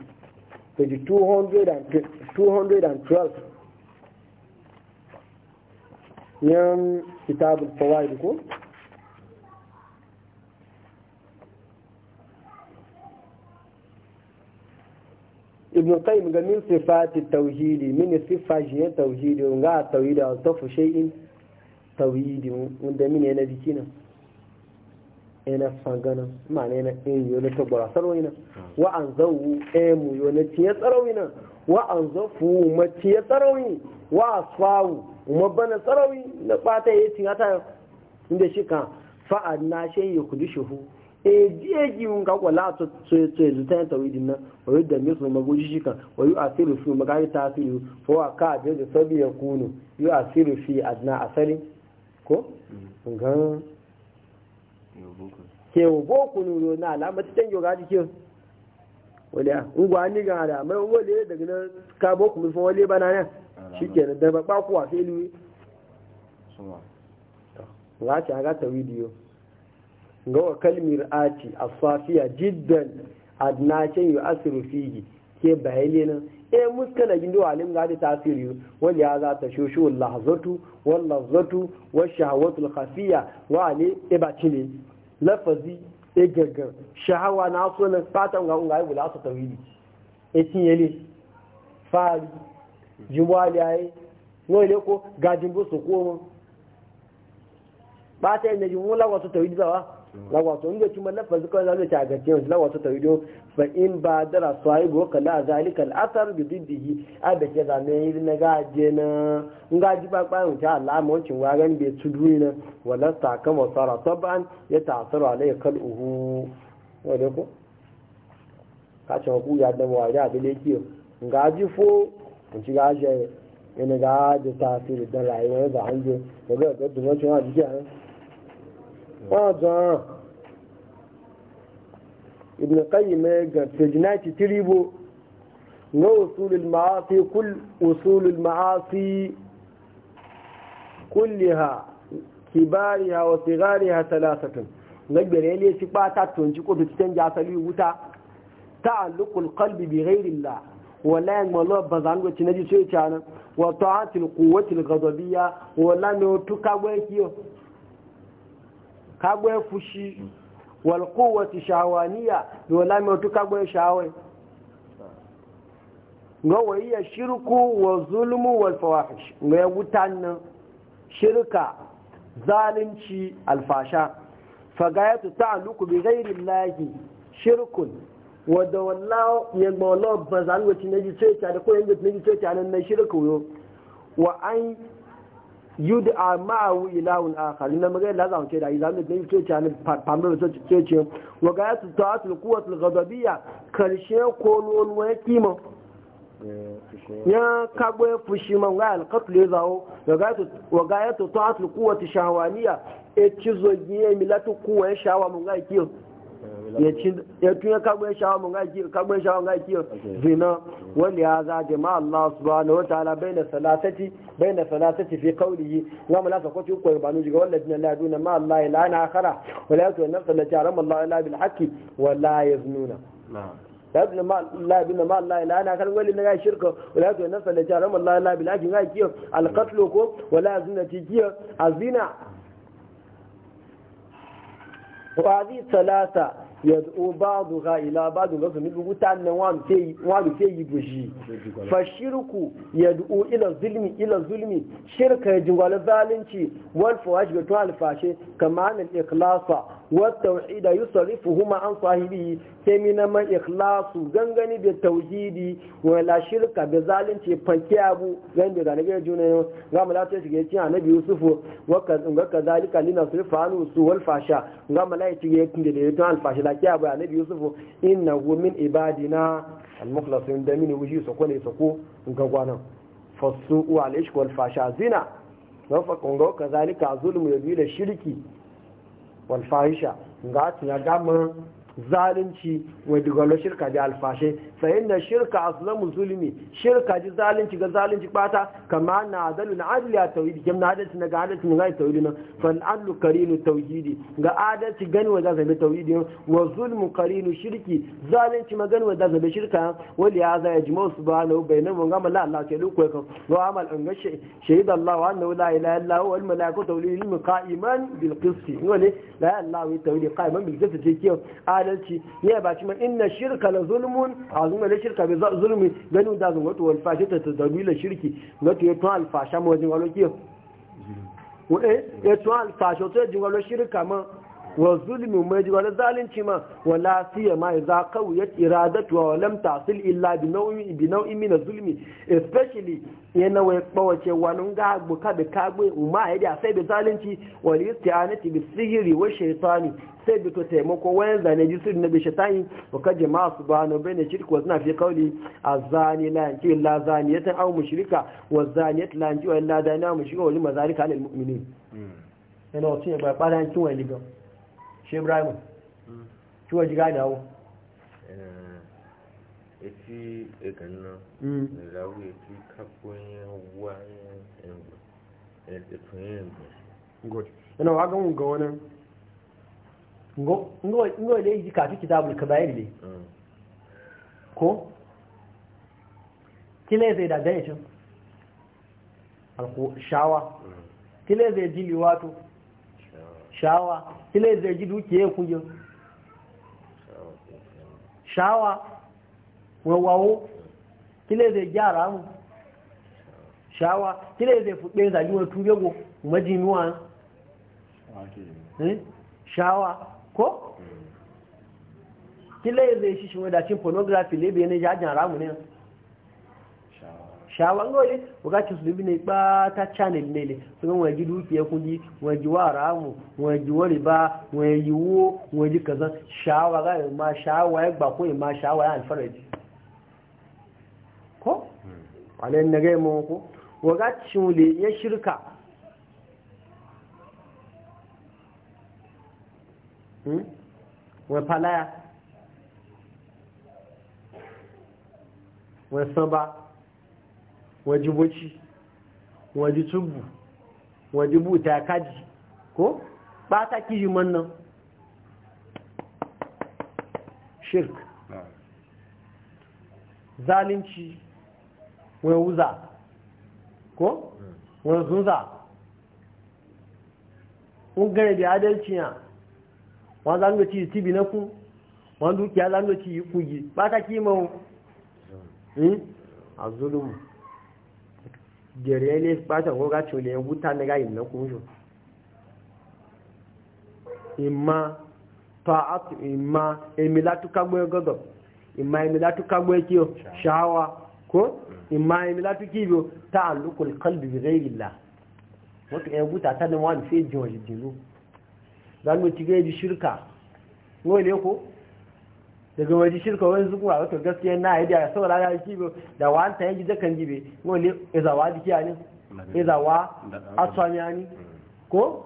page 212 yan kitabul fawaid ko ibn qayyim ga min sifati tauhidi min tawhidi ya tauhidi ga tauhidi ta tawhidi tauhidi da mine na dikinan ena sangana ma'ana ne na yo na to gbara sarwai wa an zawu emu yo na tiya sarwina wa an zafu ma tiya sarwi wa asfawu ma bana sarwi na bata ya tiya ta inda shi kan fa na shay yukdishuhu e jeji e un ka kwala to to to zuta ta widi na wa yadda mi su magoji shi kan wa yu asiru fi magari ta asiru fa wa ka je da sabi yakunu yu asiru fi adna asali ko mm. ngan ke boko nuro na alamar ta tango gaji ke waliya ungwa ni ga da mai wale daga na ka boko mun fa wale bana ne shikenan da ba kuwa sai luwi ga ci aga ta video ga wa kalmir ati asafiya jiddan adnakin asiru fihi ke bayani nan e muska na gindo alim ga da tasiri wal ya za ta shoshi lahzatu wal lazatu wash shahawatu al khafiya wa ali ibati e ne lafazi ya e gaggar shahawa na so na fatan ga ungaye bula su tawili ya e tinyele fari jimwali yayi wani ko gajin bu su koma ba ta yi na jimwala wasu tawili zawa lawato inda kuma lafazi kawai za zai ci a gaske wasu lawato ta rido fa in ba dara sahibu ka la zalika al'asar bi diddihi a da ke zane yi na gaje na in ji ba kwayan wuce alama wancin wagan bai su duni na wala ta kama tsara saban ya ta tasara alai kal uhu wadda ko ka ce ku ya da wa ya bile ki in ji fo in ci gaje yana gaje tasiri da rayuwar da hanjo daga ga dumacin wa jikin ọjọ́ ibn qayyim ga fejinaki tiribo na usulul ma'asi ha usulul ma'asi kulliha kibariha wa sigariha talatatun na gbere ne shi bata tunji ko cikin jasali wuta ta'alluqul kalbi bi ghayrillah wala yamalo bazan go cinaji sai cana wa ta'atil quwwatil ghadabiyya wala kagwe fushi wal shawaniya da yola mi otu kagwe shawai ga wa iya shirku wa zulmu wal fawahish ga ya nan shirka zalunci alfasha fagayatu ta'alluqu bi ghairi lahi shirkun wadda da ya gba mawlo bazan wati na sai ta da ko yanda naji sai ta nan shirku yo wa an yud a ma'awu ilahun akari na magana la zan ce da izamin da yake ce ne famar da ce ce wa ga ya tuta asul quwwatul ghadabiyya karshe konon wani kima ya kagbo ya fushi man ga alqatl ya zawo wa ga ya tuta asul quwwati shahwaniya e cizo giye milatu kuwa shawa mun ga kiyo ya tun ya kagbe shawon mun gaji kagbe zina wanda ya za jama Allah subhanahu wa ta'ala baina salatati baina salatati fi qawlihi wa man la sakatu ko banu jiga wanda dinan la duna ma Allah la na akhara wa la yakun nafsan la ta'lam Allah illa bil haqqi wa la yaznuna
na'am
la ma Allah bin ma Allah la na akhara wali na shirka wa la yakun nafsan la ta'lam Allah illa bil haqqi ga kiyo al qatl ko wa la zina ti kiyo azina wa hadhihi salasa yad'u ba'dha ila ba'd ga zumi guta nan wa ke wa ke yi buji fa shirku yad'u ila zulmi ila zulmi shirka ya jingwal zalunci wal fawash ga to alfashe kaman al ikhlasa wa tawhid yusrifuhuma an sahibi sai min ma ikhlasu gangani da tauhidi la shirka da zalunci fanke abu ganda da nake juna ga mu lati shige cin annabi yusufu wa kazalika linasrifa anu su wal fasha ga mu lati shige kin da to alfashe ki abu a nabi yusufu inna hu min ibadina al-mukhlasin da mini wuji sako ne sako ga gwanan fasu wa al-ishq wal fasha zina wa fa kunga kazalika zulmu yabi da shirki wal fahisha ga tuna gama zalunci wa digalo shirka da alfashe sayin da shirka mu zulmi shirka ji zalunci ga zalunci bata kama na adalu na tauhidi kim na adalci na ga adalci na zai tauhidi na fal adlu karinu tauhidi ga adalci gani wa zai zabe tauhidi wa zulmu karinu shirki zalunci ma gani wa zai zabe shirka wali ya za yajmu subhanahu bainahu ga mala Allah ke lukwai kan wa amal an ga shahid Allah wa annahu la ilaha illa huwa al malaikatu wal qa'iman bil qisti ngone la ilaha illa huwa tauhidi qa'iman bil qisti ke kiyo adalci ya ba shi ma inna shirka la zulmun azuma la shirka bi zulmi ganu da zun wato wal fashita tadawila shirki wato ya to al fasha mu wajin walo ko eh ya to al fasha to jin walo shirka ma wa zulmi mai jiwa da zalunci ma wa lafiya ma za kawuyat iradatu wa lam tasil illa bi nau'in mina zulmi especially yana wai kawace wani gagbo ka da kagbe umma ya da sai da zalunci wa isti'anati bi sihiri wa shaytani sai bi to taimako wayan zane ji sirri na bi shaytani wa ka jama'a subhanahu bayna shirki wa zina fi qawli azani la yanki illa zaniyatan aw mushrika wa zaniyat la yanki illa dana mushrika wa lima zalika al mu'minin hmm. yana wacin ya ba fara yankin wani gan shi ibrahim tí wọ́n jí gáàdì àwọ̀.
etí ẹ̀gànnà ìlàwó
etí kápó yẹn wá ẹ̀gbọ̀n ẹ̀tún yẹn ẹ̀gbọ̀n. good mm. ko kile zai cin shawa mm. kile zai wato shawa kila zai ji dukiye kuyo shawa wawawo kila zai gyara mu shawa kila zai fuɗe zagi wani turego majinuwa eh? shawa ko mm. kila zai shi shi wadacin pornography lebe ne jajen ramu ne shawan gole bukacin su dubi ne ba ta channel ne le su ga waje dukiya kudi waje wa ramu waje wa riba waje wo waje kaza shawa ga ma shawa ya ba ko ma shawa ya alfaraji ko walen na gai mu ko wagacin le ya shirka hmm wa palaya wa saba waji boci waji tubu waji buta kaji ko ba ta kiji mannan shirk zalunci wai wuza ko wai zuza ungare da adalci ya wọn zango ci tibi na ku Wani dukiya zango ci kugi ba ta kima hmm? a zulumu jere ne bata ko gacho le wuta ne ga inna kunjo imma ta'at imma emilatu kagwe godo imma emilatu kagwe kiyo shawa ko imma emilatu kiyo ta'alluqul qalbi bi ghayri llah wato e wuta ta ne wani sai jiwa jilu dan mu tige shirka ngole ko daga waje shirka wani su kuma wato gaskiya na yi da saboda ya shi da wani ta yanki zakan jibe wani izawa jiki ya ne izawa aswami ya ne ko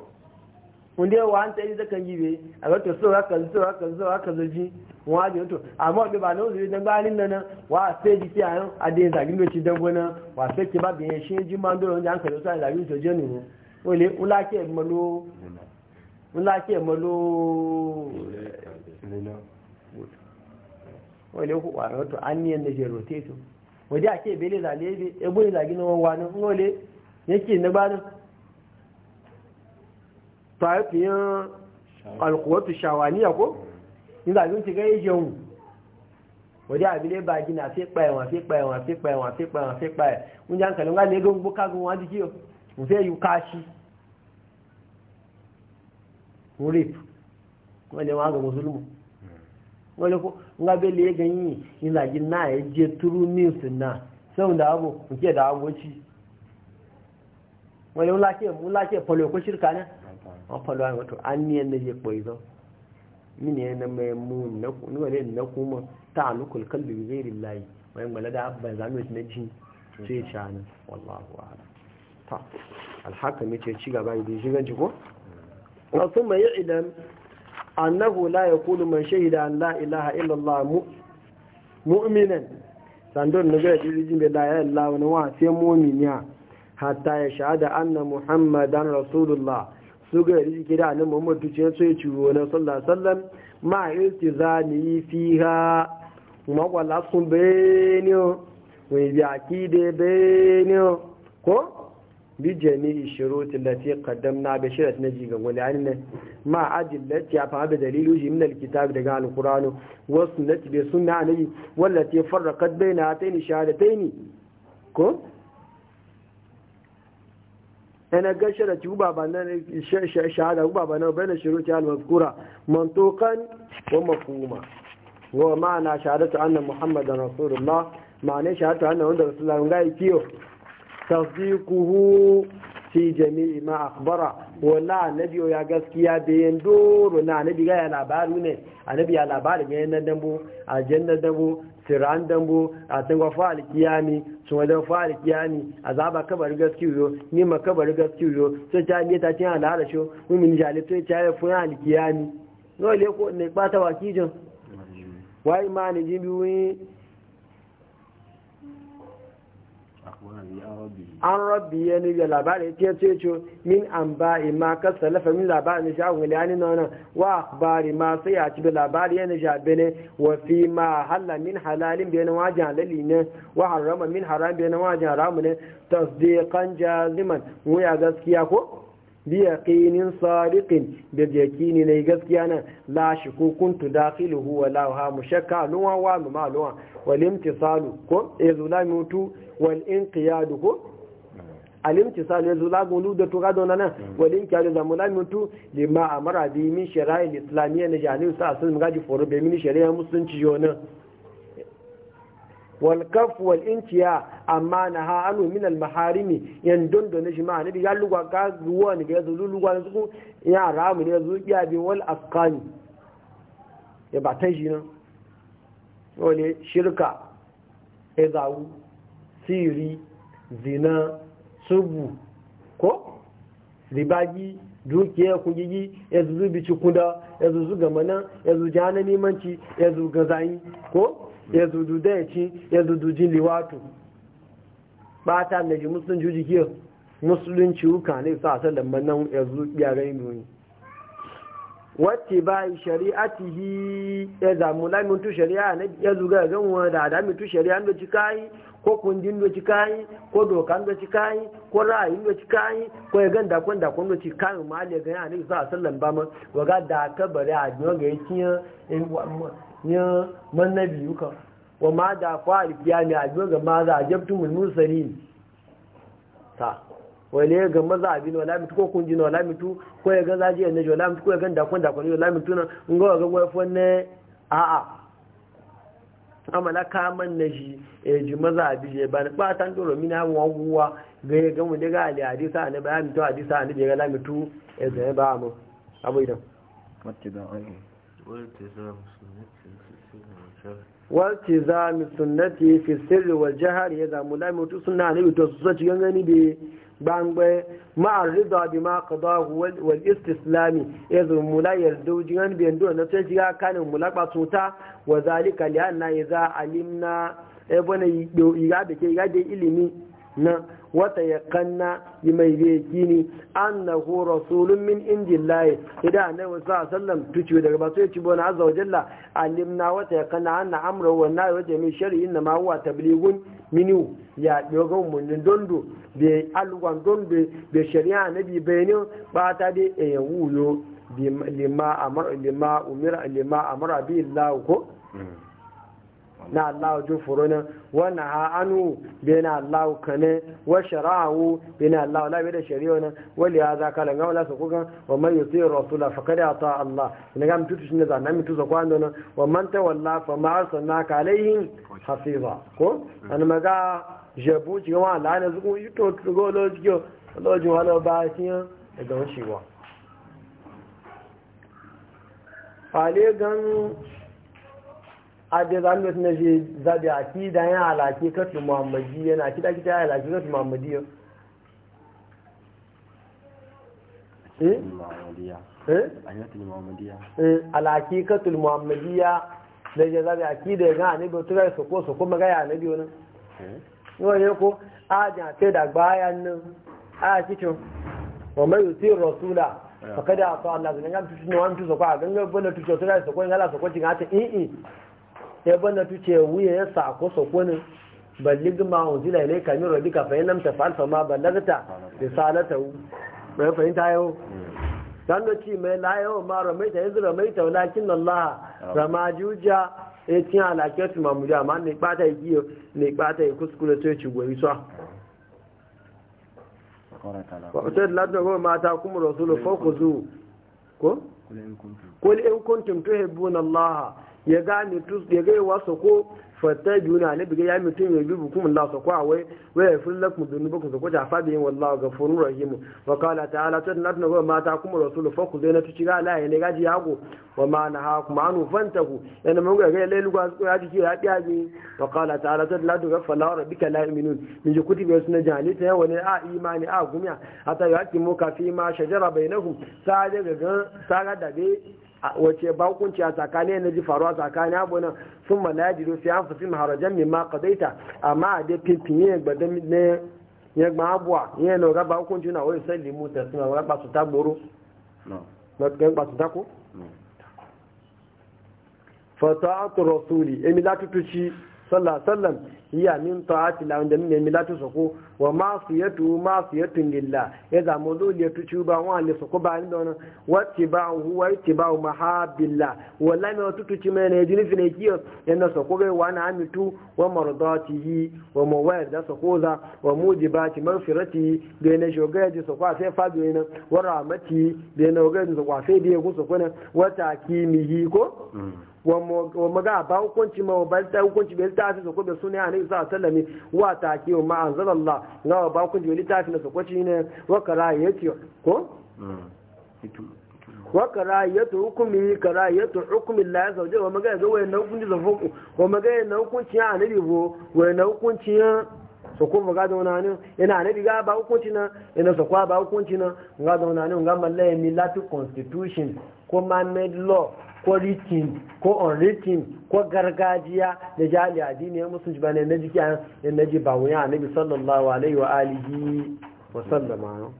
wanda yawa an ta yanki zakan jibe a wato so haka so haka so haka zaji wani ajiyar to amma wadda ba na wasu yi dangbalin nan nan wa sai jiki a yan adin zagin doci dango nan wa sai ke ba biyan shi ji man dole wanda an kalli sa zagin to je ne mu wani ulake malo ke malo wọ́n lè kó wàrọ̀ tó á ní ẹni ṣe rotate wọ́dí àti ìbílẹ̀ ìlàlẹ́ ibi egbó ìlàgí ni wọ́n wà ní ń wọlé ba na ìnigbá alkuwatu shawaniya ko nígbà tí ó ti gẹ́ ìjẹun wọ́dí àbílẹ̀ bá jí náà fípa ẹ̀wọ̀n fípa ẹ̀wọ̀n fípa ẹ̀wọ̀n kpaya ẹ̀wọ̀n fípa kpaya ń já kpaya kàlẹ́ ńgá ní egó ń gbó kágun wọn dí kí o ń fẹ́ yú káṣí ń rèp wọ́n lè wọ́n wale ko nga be le ganyi in la gi na e je turu su na sau da abu nke da abu abuci wani wula ke wula ke polo ko shirka ne an polo an wato an ni ne je koyi izo mini ne na mai mu na ku ne wale na kuma ta'alukul kalbi bi ghairi llahi wani mala da ban zamu ne ji sai cha ne wallahu a'lam ta alhakami ce ci gaba da jigan jiko hmm. wa thumma idan annahu la kulu man shahida an la ilaha illallah mu'minan sandon na gaya jirgin bai la ilaha wani wa sai mu'miniya hatta ya shahada anna muhammadan rasulullah su ga yi kira annabi muhammad tuce so ya ciwo na sallallahu alaihi wasallam ma iltizami fiha magwala sun bene wani bi akide bene ko bijami shirutin da ta kaddam na bai shirat na ga wani an ma ajin da ta fama da dalilu shi min alkitab daga alkurano wasu na tibe suna anabi wanda ta farra kadbai na ta ni shahadatai ni ko ana ga sharati uba ba nan shahada uba ba nan bayan shiruti al-mazkura mantuqan wa mafhuma wa ma'ana shahadatu anna muhammadan rasulullah ma'ana shahadatu anna wanda rasulullah ga yi kiyo tasdiquhu fi jami'i ma akhbara wala annabi ya gaskiya da yan doro na annabi ga ya labaru ne annabi ya labari ga yan dambo aljanna dambo siran dambo a tangwa fa alkiyami sun a fa alkiyami azaba kabar gaskiyo ni ma kabar gaskiyo sai ta ne ta tin alhala sho mumin jali sai ta ya fa alkiyami dole ko ne ba ta wakijin wai ma ne an rabbi ya ni ga labari ce ce min an ba'i ma ka lafa min labari na sha wuli ani nona wa akhbari ma sai ya ci labari ya ni sha bene wa fi ma halla min halalin bene wajen halali ne wa harama min haram bene wajen haramu ne tasdiqan jaziman mu ya gaskiya ko biyaqinin sadiqin da yakini ne gaskiya nan la shukukun tudakhiluhu wa la ha mushakka luwa wa ma luwa wal imtisalu ko izulamutu wal inqiyadu ko ya zula gulu da tuga da nan walin da mulamitu lima amara bi min shari'a islamiyya na jani sa asul foro be min shari'a musulunci والكف والانتيا اما نها عنه من المحارم يندون دون جماعة نبي قال لغا قاقوان يزولو لغا نزقو يا رام يزولو يا بي والأفقان يبع تجينا ولي ya إذاو سيري زنا سبو ko ribagi dukiya ku yi ya zuzu bi cikunda ya zuzu gamana mana ya zuzu jana nemanci ya zuzu zayi ko ya zudu da ya ci ya zudu jin liwatu bata ta ji musulun juji ke musulunci wuka ne su a sallan manan ya zu yarai nuni wacce ba shari'atihi ya zamu la tu shari'a na ya zuga ga wa da da tu shari'a da ci kayi ko kundin da ci kayi ko dokan da ci kayi ko ra'ayin da ci kayi ko ya ganda kun da kun da ci kai ma le ga ne a sallan ba ma waga da ka bari a ga yakin ya manna biyu wa ma da fa alkiyami a biyu ga maza a jabtu mun mursali ta wale ga maza a biyu wala mitu ko kun jina wala mitu ko ya ga zaji ne wala mitu ko ya gan dakon dakon wala mitu na ngo ga wai fonne a a amala ka man na shi ya ji e maza a biyu ba ni ba tan doro mina wa guwa ga ya ga mu daga ali hadisa ne ba mitu hadisa ne ga la mitu ya e zai ba mu abu idan
mattiba walti
za mu sunnati fi sirri wal jahar ya zamu la mi to na ne to su ci gangani be bangbe ma arida bi ma qadahu wal istislami ya zamu da yardu jingan be ndo na sai ga kanin mulaka suta wa zalika yi ke ilimi na wata ya yi mai an na annahu rasulun min laye idan annabi sa a sallan tuci daga ba sai ci bona azza wa jalla alimna wata ya kanna an na amra wa na wata min shar'i inna ma huwa tablighun minu ya dogo mun dondo be alwan dondo be shari'a nabi bayani ba ta dai e wuyo lima amara lima umira lima amara bi Allah ko mm. na Allah ju furuna wa naha anu bi na Allah kana wa shara'u bi na Allah la bi da shari'ona wa li hadha kala ga wala su kuga wa man yuti rasul fa kada ata Allah ina ga mutu ne za na mutu zakwa nan wa man walla fa ma arsalnaka alaihim hasiba ko an maga jabu ji wa la na zuku to go lo ji lo ji wala ba tiyan daga wucewa fale gan adai za mu na shi zabi a ki da yana alaƙi kasu muhammadi yana kida kita ya alake kasu muhammadi ya eh eh alake kasu muhammadi ya da je zabi a ki da ya gan ba tura su ko su kuma ga ya ne biyo nan yau ne ko a da sai da bayan nan a ya kicin wa mai yusi rasula eh. fakada ta Allah zan ga tushi ne wani tuso ko a gangan bane tuso tura su ko in Allah su ko jin hata eh, eh. ya bana tuce wuya ya sa sako sako ne ballig ma unzila ilayka min rabbika fa in lam taf'al fa ma ballagta risalatahu bai fahimta yau dan da ci mai layawa ma ramaita yanzu ramaita lakin Allah rama juja e eh, tin ma su mamuja amma ne bata yi ne bata yi kuskure to ci goyi so wa ta ladda go mata kuma rasulu fa ku zu ko kul in kuntum tuhibbuna Allah ya ga mitus ya ga yawa sako fata juna ne biga ya mutum ya bi bukum Allah a wai wa ya fulla kuma dunu bukum ko ta fa bin wallahu ghafurur rahim wa qala ta'ala tadnatna wa mata kum rasulu fa ku zaina tuci ga la ya ne gaji yago wa ma na ha kuma anu ku. yana mun ga ga lailu ga ya ji ya biya ji wa qala ta'ala tadnatna wa fala rabbika la yu'minun min ji kuti ga sunan ta ya wani a imani a gumiya hatta ya ki mu ka fi ma shajara bainahum sa ga ga sa ga dabe wace bankunci a tsakani na ji faruwa tsakani abu sun ma na jiro sai an fusi maharajan min ma kadaita amma a dai pimpiye gbadan ne ya gba abuwa ya na ga bakunci na wani sai limu ta suna wani basu ta goro na tukan basu ta ko fata'atu rasuli emi latutuci sallallahu alaihi wasallam hiya min ta'ati la wanda min milatu soko wa ma'siyatu ma'siyatun lillah ya za mu zo ya tuci ba wa ne soko ba ni don wa tiba'u wa tiba'u mahabbillah wala ne tutu ci mene jini fine kiyo yana soko ga wa na amitu wa mardatihi wa da soko za wa mujibati maghfirati da ne shoga ji soko sai fadu ne wa ramati da ne ga ji soko sai da ya ku soko ne wa takimihi ko wa maga ba hukunci ma ba ta hukunci bai ta su kuma sunan annabi sallallahu alaihi wasallam wa take ma anzalallah na ba hukunci bai ta na sokoci ne wa kara yace ko wa karayatu hukumi karayatu hukumi la ya zauje wa maga zo wayan hukunci zan fuku wa maga yana hukunci ya annabi bo wayan hukunci ya so ko maga da wani yana annabi ga ba hukunci na yana sokwa ba hukunci na ga da wani ga mallaye constitution ko man made law ko ritin ko on ko gargajiya da jali addini ya musulunci ba ne na jiki ne na ji ba wuya annabi sallallahu alaihi wa alihi wa sallama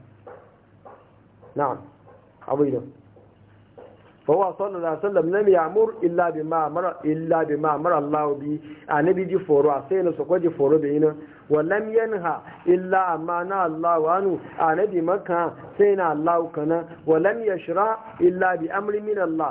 na'am abu idan fọwọ́ sọ́nà àṣẹ́lẹ̀m náà yà mú ilá bí máa mara láwọ́ bí a níbi jí fọ́rọ̀ àṣẹ́yìn da jí fọ́rọ̀ bí iná wọ́n lẹ́mìyàn ha ilá àmà náà láwọ́ ánú a níbi mọ́kàn sẹ́yìn aláwọ́ kanáà wọ́n lẹ́mìyàn ṣíra ilá bí amúrímìnà lá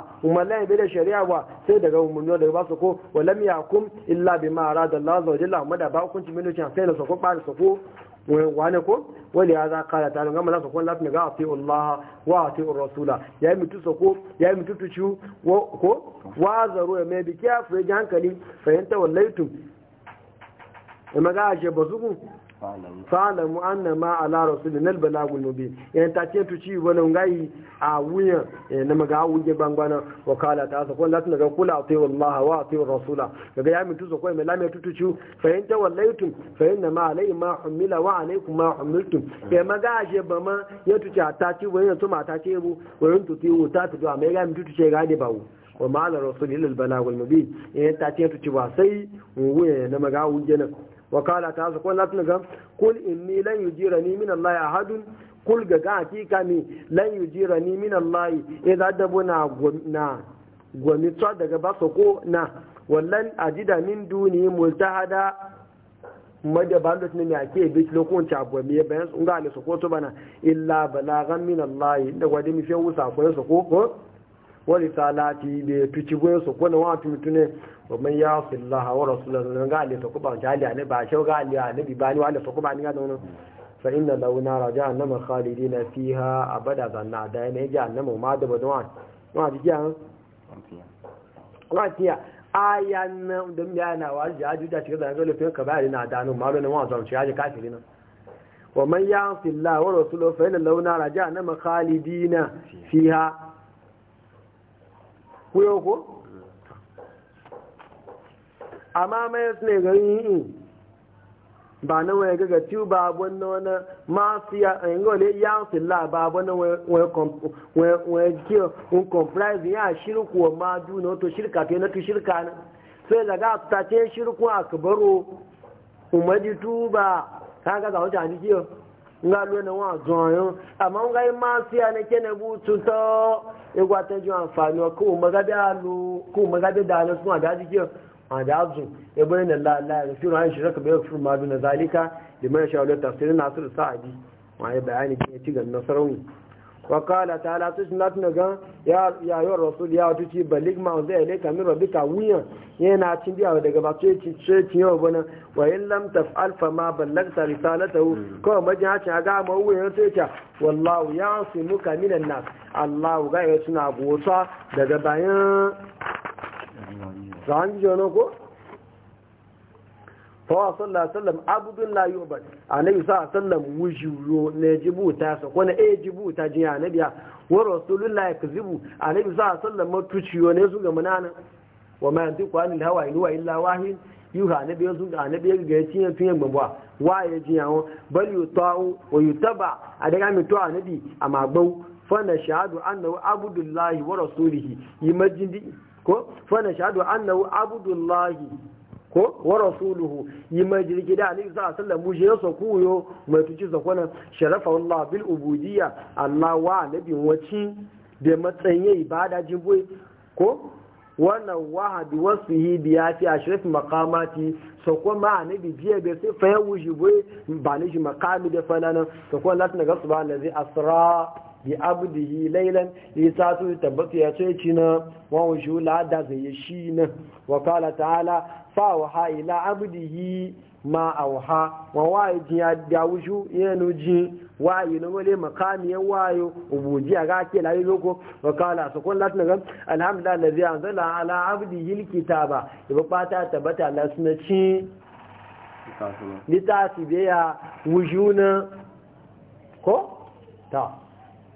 wane ko wani ya za kala ta gama za su kwan lafi ga ati Allah wa ati Rasula ya yi mutu ko ya yi mutu tuci ko wa zaro ya mai biki ya fi hankali fahimta wallaitu ya maga ashe ba zuku fa'alamu na ma ala nalba albalagul mubin yan ta ce tuci wani ngayi a wuya eh, na maga wuje bangwana wakala ta asa kun latin ga kula a tsaye wa maha wa a tsaye wa rasula daga ya mitu zakwai mai lamar tutuci fa in tawallaitum fa na ma alai ma hamila wa alaikum kuma hamiltun ya maga a ba ma ya tuci a ta ci wani to mata ce bu wani tuti wu ta a mai ga mitu tuci ga ba wu wa ma ala rasulina albalagul mubin yan ta ce tuci ba sai wuya na maga wuje na wakala ta hasa kwanat na gam kul inni lan minan min A ahadun kul ga ga hakika ni lan yujirani min Allah idan da buna na gwani tsa daga ba ko na wallan ajida min duni multahada madda ba da tunani ake bi lokacin abuwa mai bayan sun ga ne ko bana illa balagan min Allah da gwadi mi fiye wusa ko ko wani salati da tuci goyon su kone wa tumitu ne domin ya fi laha wa rasulun nan ga alisa kuba ta hali ne ba shau ga aliya ne bi bani wa alisa kuba ni ga zaune fa inna launa raja annama khalidina fiha abada zanna da ne ji annama ma da badon wa wa ji ya wa tiya ayan nan dum ya na wa ji aju da cikin zango lafiyar ka bayani na danu malo ne wa zaune ya ji kafirin wa man ya fi laha wa rasulun fa inna launa raja annama khalidina fiha kuyo ko amma mai ne gari hmm. na wani gaga ciwo ba abun wani eh, ya a yin gole ya su la ba na wani kiyo un comprise ya shirku wa ma duna shirka to yana tu shirka na sai daga ta ce shirku a kabaro nga lu na wa zon yo ama nga yi ma si ane ke ne bu tuto e gwa te ju anfani o ku ma ga da lu ku ma ga da lu sun ada ji ke ada azu e bo ne la la fi ran shi raka be fi ma dun zalika liman sha'ala tafsirin nasir sa'adi wa ya e bayani ke ci ga nasarawi wakala ta ala su na tuna gan ya yi rasul ya wata ci balik ma zai ne kamin rabi ka wuyan yana cin biya daga ba ce ci ce ci yau bana wa alfama lam taf'al fa ma ballagta risalatahu ko majin hacin aga ma wuyan sai ta wallahu ya asimuka minan nan allah ga ya suna gota daga bayan zan ji ko fawa sallallahu sallam abudun la yubad annabi sallallahu sallam wujuro ne jibuta sa ko na e eh, jibuta jin annabi wa rasulullahi yakzibu annabi sallallahu sallam matuciyo ne su ga munanan wa ma yantiqu anil hawa in huwa illa wahyin yuha annabi su ga annabi ga yaci yan tuyan gbagwa wa ya ji yawo bal yutau wa yutaba a daga mi to annabi amma gbau fa na shahadu annahu abudullahi wa rasulihi majindi ko fa na shahadu annahu abudullahi ko wa rasuluhu yi mai jirgi da alaihi sa sallam mu je so kuyo mai tuci so sharafa Allah bil ubudiyya Allah wa nabi wacin da matsayin ibada jiboi ko wannan wahadi wasu yi biya fi a shirafin makamati sako ma na biya bai sai fayan wuji bai ba ni shi makami da fananan sako latin da gasu ba na zai asira bi abdihi laylan yisatu tabbata ya sai cina wa wushu la da zai shi na wa qala ta'ala fa waha ila abdihi ma auha wa wayi ya da wushu yanu ji wayi na wale makami ya wayo ubuji aga ke la yoko wa qala sakon latin ga alhamdulillah allazi anzala ala abdihi alkitaba ibata tabbata la sunaci litafi biya wujuna ko ta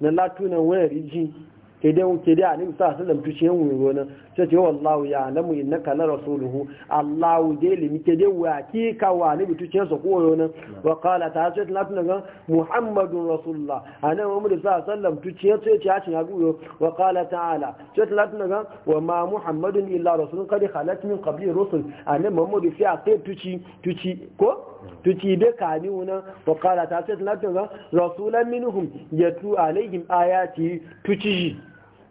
na latunan wayar iji ke dai a nemi sa asalin tushen wuri wani ta ce wallahu ya alamu innaka la rasuluhu allahu dai limike de wa ki ka wa ni bitucin sa koyo nan wa qala ta ce na tuna ga muhammadun rasulullah anan muhammad sallallahu alaihi wasallam tuciye ce ce ya guyo wa qala ta'ala ce ta tuna ga wa ma muhammadun illa rasulun qad khalat min qabli rusul anan muhammadu fi aqid tuci tuci ko tuci da kani wuna wa qala ta ce na tuna ga rasulan minhum yatu alaihim ayati tuci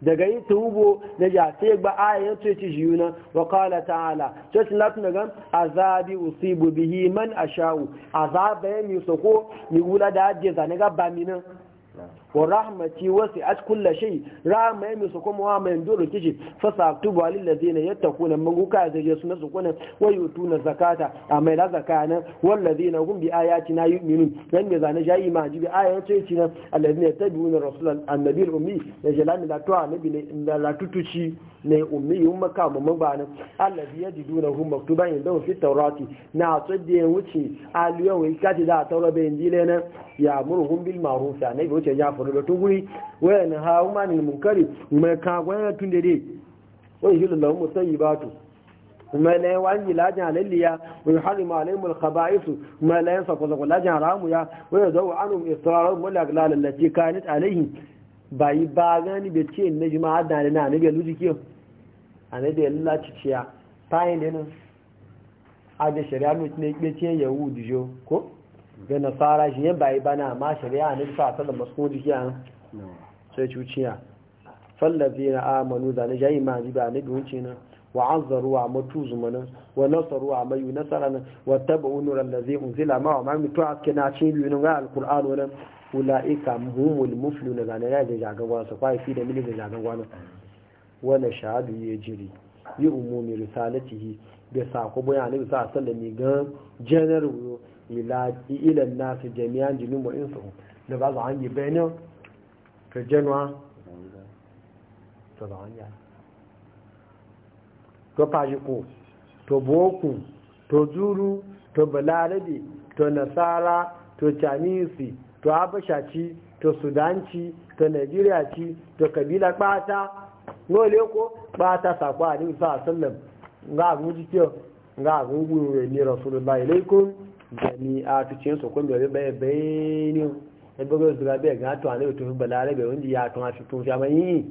daga yi tubo na ja sai ba ayan ce ci shi yuna wa kala ta'ala to shi lati daga azabi usibu bihi man ashau azaba ya mi soko mi wula da ajiye zane ga ba nan. wa rahmati wasi at kulli shay rahmai mi su kuma wa mai doro kici fa saktubu lil ladina yattaquna maguka da yesu na su kuna wa yutuna zakata amma la zakana wal ladina hum bi ayatina yu'minun dan me zane jayi ma ji bi ayati ci na alladina yattabi'una rasulan annabi ummi ya jalani la to annabi ne la tutuci ne ummi yum maka mu mabana alladhi yajiduna hum maktuban inda fi tawrati na tsadiyan wuce aliyo wai kati da tawra bayin dilena ya murhum bil ma'ruf annabi wuce ya kafin da tuguri waya na hawa ma ne munkari mai kagwai na tun da dai wani shi lullawa musayi ba to mai layan wani lajin alaliya wani harima alayhi mulka ba isu mai layan sakwazakwa lajin haramu ya wani zau anu istirarar mulak lalace kanit alayhi ba yi ba gani bai ce na jima'a da na ne bai lujikiyar a ne bai lulaciciya ta yi ne nan a da shari'a mutum ne ɓe ce yahudu jo ko ga nasara shi yan bayi bana amma shari'a ne sa ta da masu jiya sai cuciya fallafi na amanu zane jayi ma ji ba ne bi wuce nan wa azzaru wa matu zumanan wa nasaru wa mayu nasara na wa taba unura un zila ma wa mami to aske na cin biyu nan ga alkur'an wannan ula'ika muhimmul muflu na zane ya ga jagan gwana su kwaye fi da mili ga jagan gwana wani shahadu ya jiri yi umumi risalatihi da sako bayanin sa sallan ne gan janar wuyo ila na nasu jami'an jinin wa insu da ba za a yi benin ka januwa to ba an yara to fajiku to boku to zuru to balarabe to nasara to canisi to abashaci to sudanci to nigeriaci to kabila kpata nole ko kpata sakwa a nisa asalin ga agun jikin ga agun gwiwe ne rasulullah ilaikun jami'a a ce su kun gari bai bai ne ya su ga ga to ne to balare bai wanda ya to shi tun shaman yi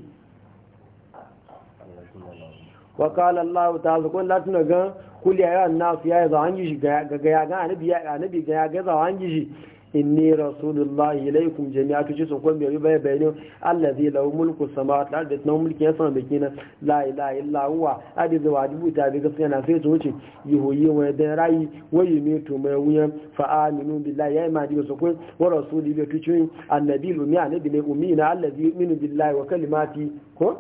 wa qala allah ta'ala kun la tuna ga kul ya ayyuhan ya za an yi ga ga ga ya ga ga za inni rasulullahi ilaikum jami'a tuci sun kwan biyu bayan bayanin allazi lau mulku samawati wal da nan mulki ya sama biki na la ilaha illa huwa adi zuwa dubu ta bi gaskiya na sai su wuce yihoyi wani dan rayu wani ne to mai wuya fa aminu billahi ya ma diga sun kwan wa rasuli bi tuci annabi lumi annabi ne ummi na allazi yu'minu billahi wa kalimati ko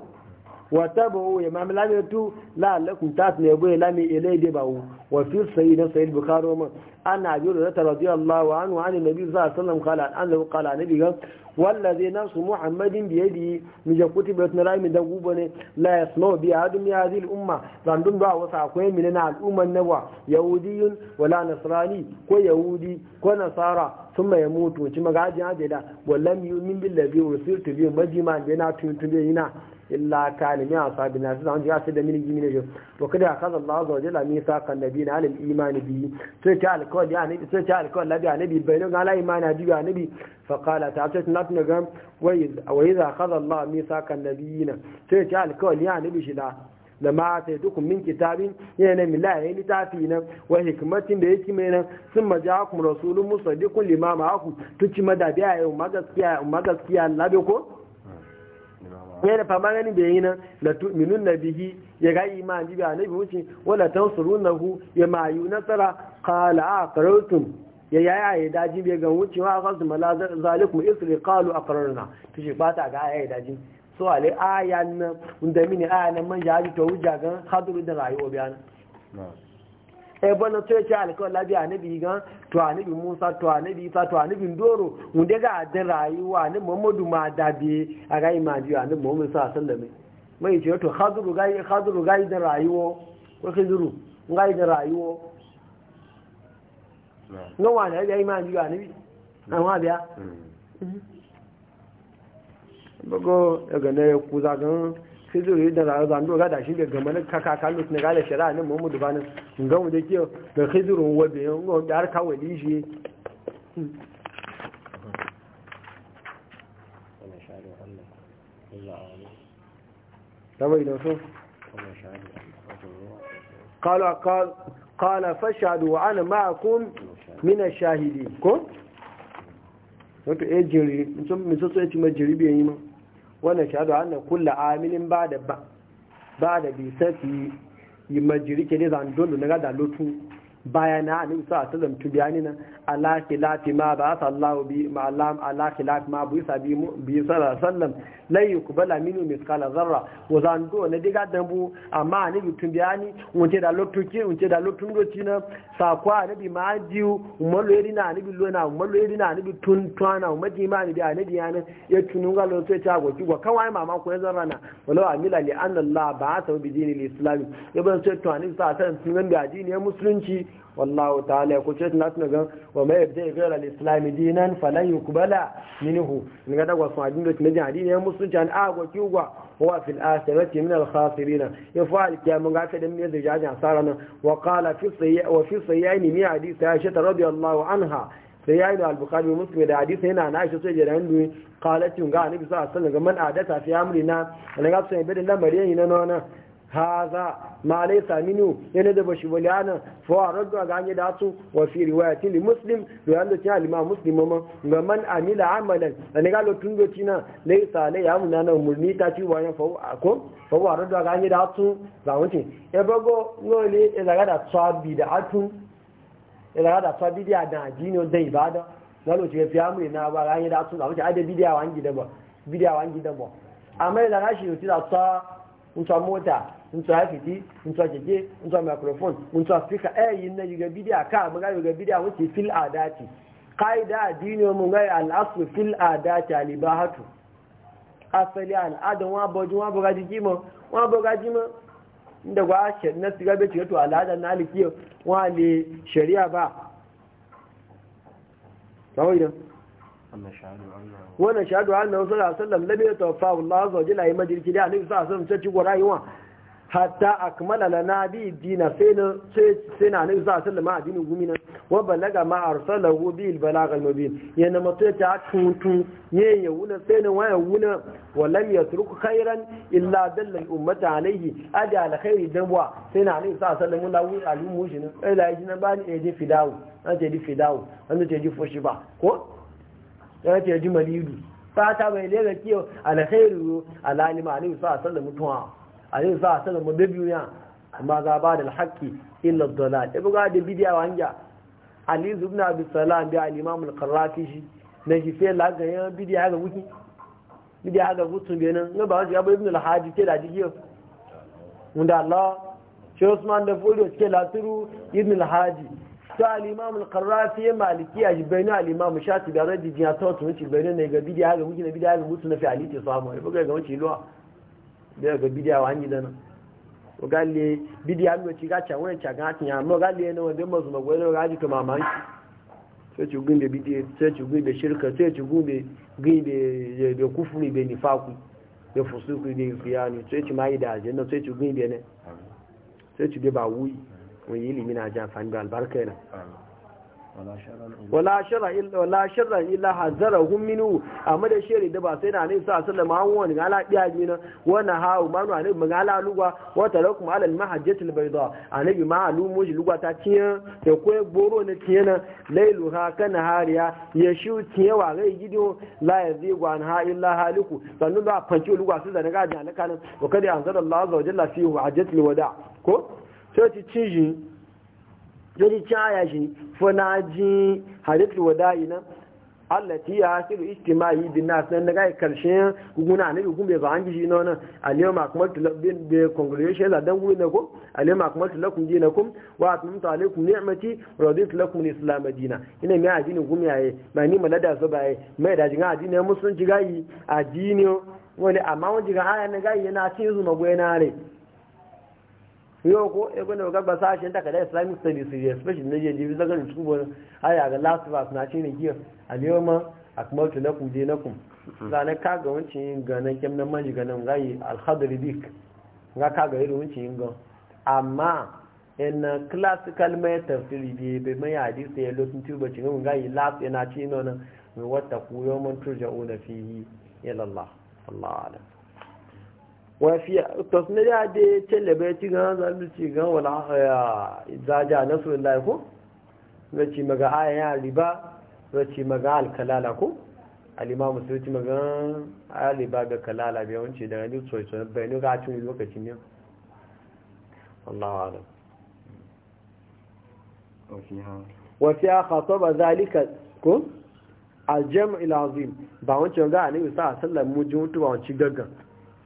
watabo ya mami lami tu la lakun ne boye lami ile de bawo wa fi sayyid sayyid bukhari ma ana yuru da radiyallahu anhu an nabi sallallahu alaihi wasallam qala an qala nabi ga wallazi nafsu muhammadin bi yadi mi ja kutiba tun rami da gubo ne la yasmu bi adum ya hadil umma dan dun ba wasa ko min na al'umma nawa yahudiyun wala nasrani ko yahudi ko nasara thumma yamutu ci magaji ajeda wallam yu min billahi wa sirtu bi majima da na tuntube yana illa kana min ashabin nas zan ji asai da mini gimi ne to kada ka kaza Allah azza wa jalla mi sa kan nabi na alil imani bi sai ta alkawli ya nabi sai ta alkawli nabi nabi bai ne ala imani ji ya nabi fa qala ta ta nat na gam wa idza kaza Allah mi sa kan nabiyina sai ta alkawli ya nabi shi da da ma ta yi dukkan min kitabin yana na mila ya littafi nan wa hikmatin da yake mai nan sun maja kuma rasulun musa dukkan limama aku tuci madabi a yau magaskiya labe ko da fama ganin bai yi nan la tu'minun nabihi ya ga iman bi annabi wuce wala tansurunahu ya mayu nasara qala aqrartum ya a ya daji bai ga wuce wa qasu malazar zalikum isri qalu aqrarna tace ba ta ga yaya daji so ale ayan nan da mini ayan nan man ya ji to wuja ga da rayuwa bayan na'am ebe eh, to tsoye ce labi a gan to a musa to a isa to a ndoro doro ga adin rayuwa ne muhammadu ma dabi aga gayi ma biyu a nabi muhammadu sa mai ce to hazuru gayi hazuru gayi da rayuwa ko hazuru gayi da rayuwa nga wa na gayi ima biyu a an hmm. wa biya hmm. Hmm. bago daga na ku kuza gan sai zai yi da ra'aza ndo ga da shi ga gama kaka kallo ne ga shari'a ne Muhammadu bana ga mu da ke da khidru wa bi ngo da har ka wali shi tabai da so قال قال قال فاشهدوا انا معكم من الشاهدين كو wato ejiri eh, mutum mai sassa ya ci majiri biyan yi ma wannan shahadu annan kulla amilin ba da ba da bisafi yi majirike ne zan dole na gada lotu bayana annabi sallallahu alaihi wasallam tubiyani nan ala ma ba sallahu bi ma'alam ala khilafi ma bi sabi bi sallallahu alaihi wasallam la yuqbala minhu mithqala dharra wa zando ne diga dambu amma annabi tubiyani unce da lotuki unce da lotun doci na sakwa annabi ma jiu umalo yedina annabi lona umalo yedina annabi tun twana umaji ma annabi annabi yana ya tununga lo sai ta goki go kawai mama ko zarra na wala amila li anna allah ba'atha bi dinil islam ibn sai to annabi sallallahu alaihi wasallam sun ga ya musulunci wallahu ta'ala ya kuce na tuna gan wa mai ibda ghayra al-islam dinan falan yuqbala minhu ni ga dagwa sun ajin da tunajin addini ya musulunci an agwa kiwa wa fil akhirati min al-khasirin ya fa'al kiyamun ga ka da min zai jajin asara nan wa qala fi sayyi wa fi sayyani mi hadith aisha radiyallahu anha sai ya yi da albukari musulmi da hadisa yana na aisha sai jiran duwi kalatin ga anabi sa sallan ga man adata fi amrina da ga sun bi da lamari na nona haza ma laysa minu yana da bashi waliyana fa wa radda ga ni datu wa fi riwayati li muslim da yanda ta alima muslim ma ga man amila amalan da ne ga lo tunje tina laysa la ya mun nan murni ta ci wayan ko fa wa radda ga ni datu za wuce e bago no le e daga da atu e da tsabi da da jinyo da da bidiya wa da ga ntwa mota ntwa afiti ntwa keke ntwa microphone ntwa speaker eh yin na yuga bidiya ka mun ga yuga bidiya wuce fil adati qaida addini mu ga al asl fil adati al ibahatu asali al adam wa boju wa boga jimo wa boga jimo inda gwa na siga be to al adam na alikiyo wa le sharia ba tawai wannan shahadu annahu sallallahu alaihi wasallam da yatawaffa Allah azza wa jalla yi majalisi da annabi sallallahu alaihi wasallam ta ci gora yiwa hatta akmala lana bi dina sai sai na annabi sallallahu alaihi wasallam gumi gumina wa balaga ma arsalahu bil balagh al mubin yana mutaya ta tuntun ye ya wuna sai na waya wuna wa lam yatruku khairan illa dalla al ummata alaihi aja al khairi dabwa sai na annabi sallallahu alaihi wasallam lawu al mushin ila eh, yajina bani eje eh, fidawu an ce di fidawu an ce di foshi ba ko ya ce ji malidu fata mai lega kiyo alkhairu alalima alayhi sa alaihi mutuwa alayhi sa alaihi wasallam biyu ya amma za ba da alhaqi illa dalal ibu ga da bidiya wanja ali ibn abi salam bi al-imam al-qarrafi shi ne shi sai la ga yan bidiya ga wuki bidiya ga gutun benan ne ba shi abu ibn al-hadi ke da jiyo da Allah shi Usman da Fodo ke turu ibn al-hadi to alimam imam al-qarrafi maliki a jibaina al-imam shati da radi jiya ta wato ci bayanin ne ga bidiya ga muke na bidiya ga mutu na fi aliti sahabu ai buga ga wuce luwa da ga wa hanji dana o galle bidiya mu ci ga chawo cha ga tinya mo galle ne wanda mu zuma gwai ga to maman sai ci gun da bidiya sai ci gun da shirka sai ci gun da da kufuri da nifaku da fusuku da yafiyani sai ci mai da ajanna sai ci gun da ne sai ci da ba wuyi wani ilimi na ji amfani da albarka yana wala shirra illa hazara hun minu a madar shiri da ba sai na nisa a sallama an wani ala biya gina wani hau manu a nabi ala lugwa wata rau kuma alal bai albaida a nabi ma alumo shi lugwa ta tiya da kuwa goro na tiya na lailu ha kana hariya ya shi tiya wa gai gidiyo la ya zai gwan ha illa haliku Sannu za a fanci lugwa su zanaga jihar kanin wa kada an zara Allah azza wa jalla fi hajjatul wada ko sai ci ci shi ci caya shi fana ji wa wada'i nan ti ya hasiru ijtimahi bin nas nan daga karshen guna ne gugun bai ba an ji no nan Aliyu akmaltu lakum bi congregation da dan Aliyu ko alyawma kun lakum dinakum wa atmamtu alaykum ni'mati wa raditu lakum al-islam madina ina mai ajini gumi yaye ba ni malada so baye mai da jin ajini musulunci gayi ajini wani amma wani ga aya ne gayi yana cin zuma ne. yoko ko ya eh, ga ba sashen ta kada islamic studies ya eh, especially na jeji bisa ganin su bon aya ga last verse na shine giya aliyoma akmaltu lakum dinakum zana ka ga wancin ga nan kem nan manji ga nan gayi alhadr hadri dik ga ka ga irin wancin ga amma in classical method fili bi be mai hadisi ya lokin tuba cin ga yi last yana ci nonon wata ku yawman turja'una fihi ila Allah Allah alam wafi tosne ya de telebe ci gan zalu ci gan wala ya zaja nasrullahi ko wace maga aya riba wace maga alkalala ko alimamu sai ci maga aliba ga kalala bai wance da ni so so bai ni ga tun lokacin ne wallahi alam wafi ha khataba zalika ko aljam ilazim ba wance ga annabi sallallahu alaihi mu ji mutuwa wanci gaggan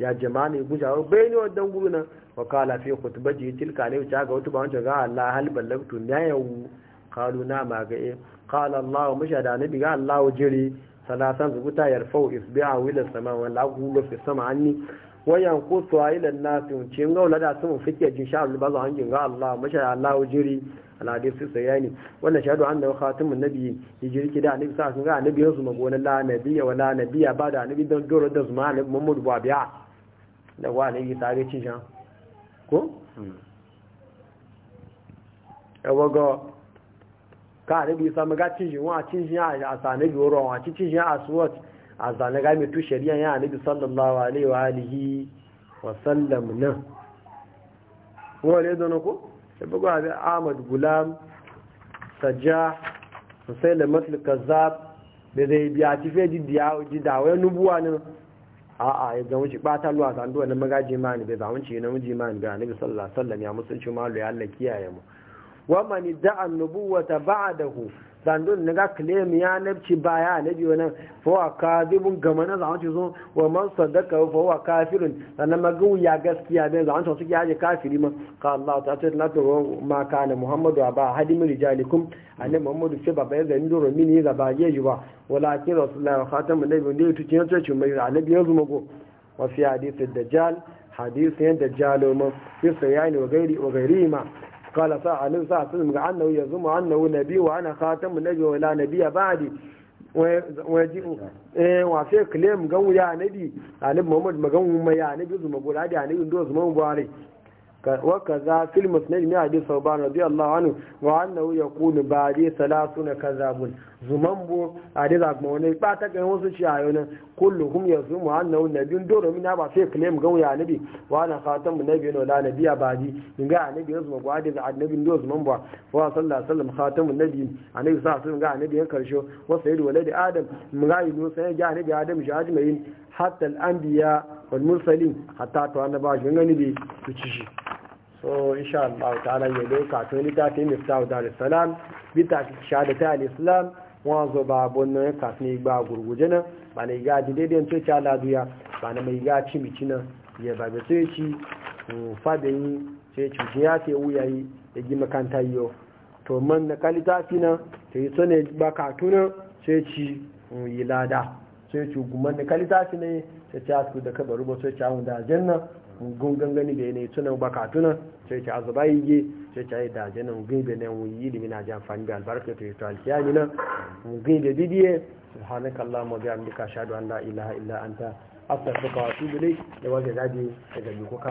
ya jama'a ne guja wa bayani wadan guru nan wa kala fi khutbati tilka ne wuce ga wata ba wancan ga Allah hal ballagtu na yau qalu na ma ga eh qala Allah mushada nabi ga Allah jiri salatan zubuta yarfau isbi'a wila sama wa la gulu fi sama anni wayan kusu a ilan nasu ce ga wula da sun fike jin sha Allah bazu hangin ga Allah masha Allah jiri dai su sayani wannan shahadu da khatimun nabi hijiri kida annabi sa sun ga annabi yanzu magona la nabiyya wala nabiyya ba da annabi don doro da zuma annabi Muhammad ba da wa ne yi tare ci jan ko? ẹwọ́gọ́ hmm. káàríbi ci cíjìn wọn cíjìn àsànẹ́bì orọ̀ wọn àti cíjìn àsúwọ́t àsànẹ́gá mẹ́tú ṣẹ̀ríyàn yá àníbi sallallahu alaihi wa alihi wa sallam náà wọ́n lè dọ́nà kó ṣẹbọ́gọ́ àbí ahmad gulam sai da lamatlu kazab da zai biya ti fẹ́ jidda nubuwa náà a'a ya zama shi ɓata luwa ta duwa na magaji ne bai zama ce na miji mani bai annabi sallallahu alaihi wasallam ya musulci malu ya Allah kiyaye mu wa man da'a nubuwata ba'dahu zandun na ga claim ya nabci baya na biyu nan fa wa kadibun gama na zaman sun wa man sadaka fa wa kafirun sannan magun ya gaskiya ne zaman cizo suke yaje kafiri ma ka Allah ta ce na to ma kana muhammadu aba hadimin rijalikum annabi muhammadu ce baba ya zani doro mini ga ba je ba walakin rasulullahi wa khatamun nabi ne to ya ce mai annabi ya zuma go wa fi hadithu dajjal hadithin dajjalo ma fi sayani wa gairi wa ma قال صلى الله عليه وسلم عنه يزم عنه نبي وانا خاتم النبي ولا نبي بعدي wafe claim gan wuya nabi alib muhammad magan mu ya nabi zuma gura da nabi ndo zuma gora وكذا في المسند من حديث ثوبان رضي الله عنه وانه يقول بعدي ثلاثون كذاب زمان بو حديث اكمونه باتا كان وسو شيايون كلهم يزوم انه النبي دور من ابا في كلام غو يا نبي وانا خاتم النبي ولا نبي بعدي غا نبي يزوم بو حديث النبي دور زمان بو صلى الله عليه وسلم خاتم النبي النبي صلى الله عليه وسلم غا نبي كرشو وسيد ولد ادم مغاي نو سي غا نبي ادم جاج حتى الانبياء wal mursalin hatta to ba shi gani bi su ci shi so insha Allah ta'ala ne dai ka to ni ta ta miftahu da salam bi ta ta al islam wa zo ba bonno ka ni ba gurguje na ba ne ga ji daidai to cha la duya ba ne mai ga ci mici na ya ba ba ci fa da yi sai ci ya ce wuyayi da gi makanta yo to man na kalita na ta yi tsone ba ka na sai ci yi lada sai ci gumman na kalita ne. sai ta su da kabaru ba sai ta hun da janna gun gangani da yanayi tunan bakatuna sai ta azuba yige sai ta yi da janna gun da nan wuyi yi na jan fani da albarka ta yi to alkiyami nan gun da bidiye subhanakallahumma bihamdika ashhadu an la ilaha illa anta astaghfiruka wa atubu ilayk da wajen dadi daga biko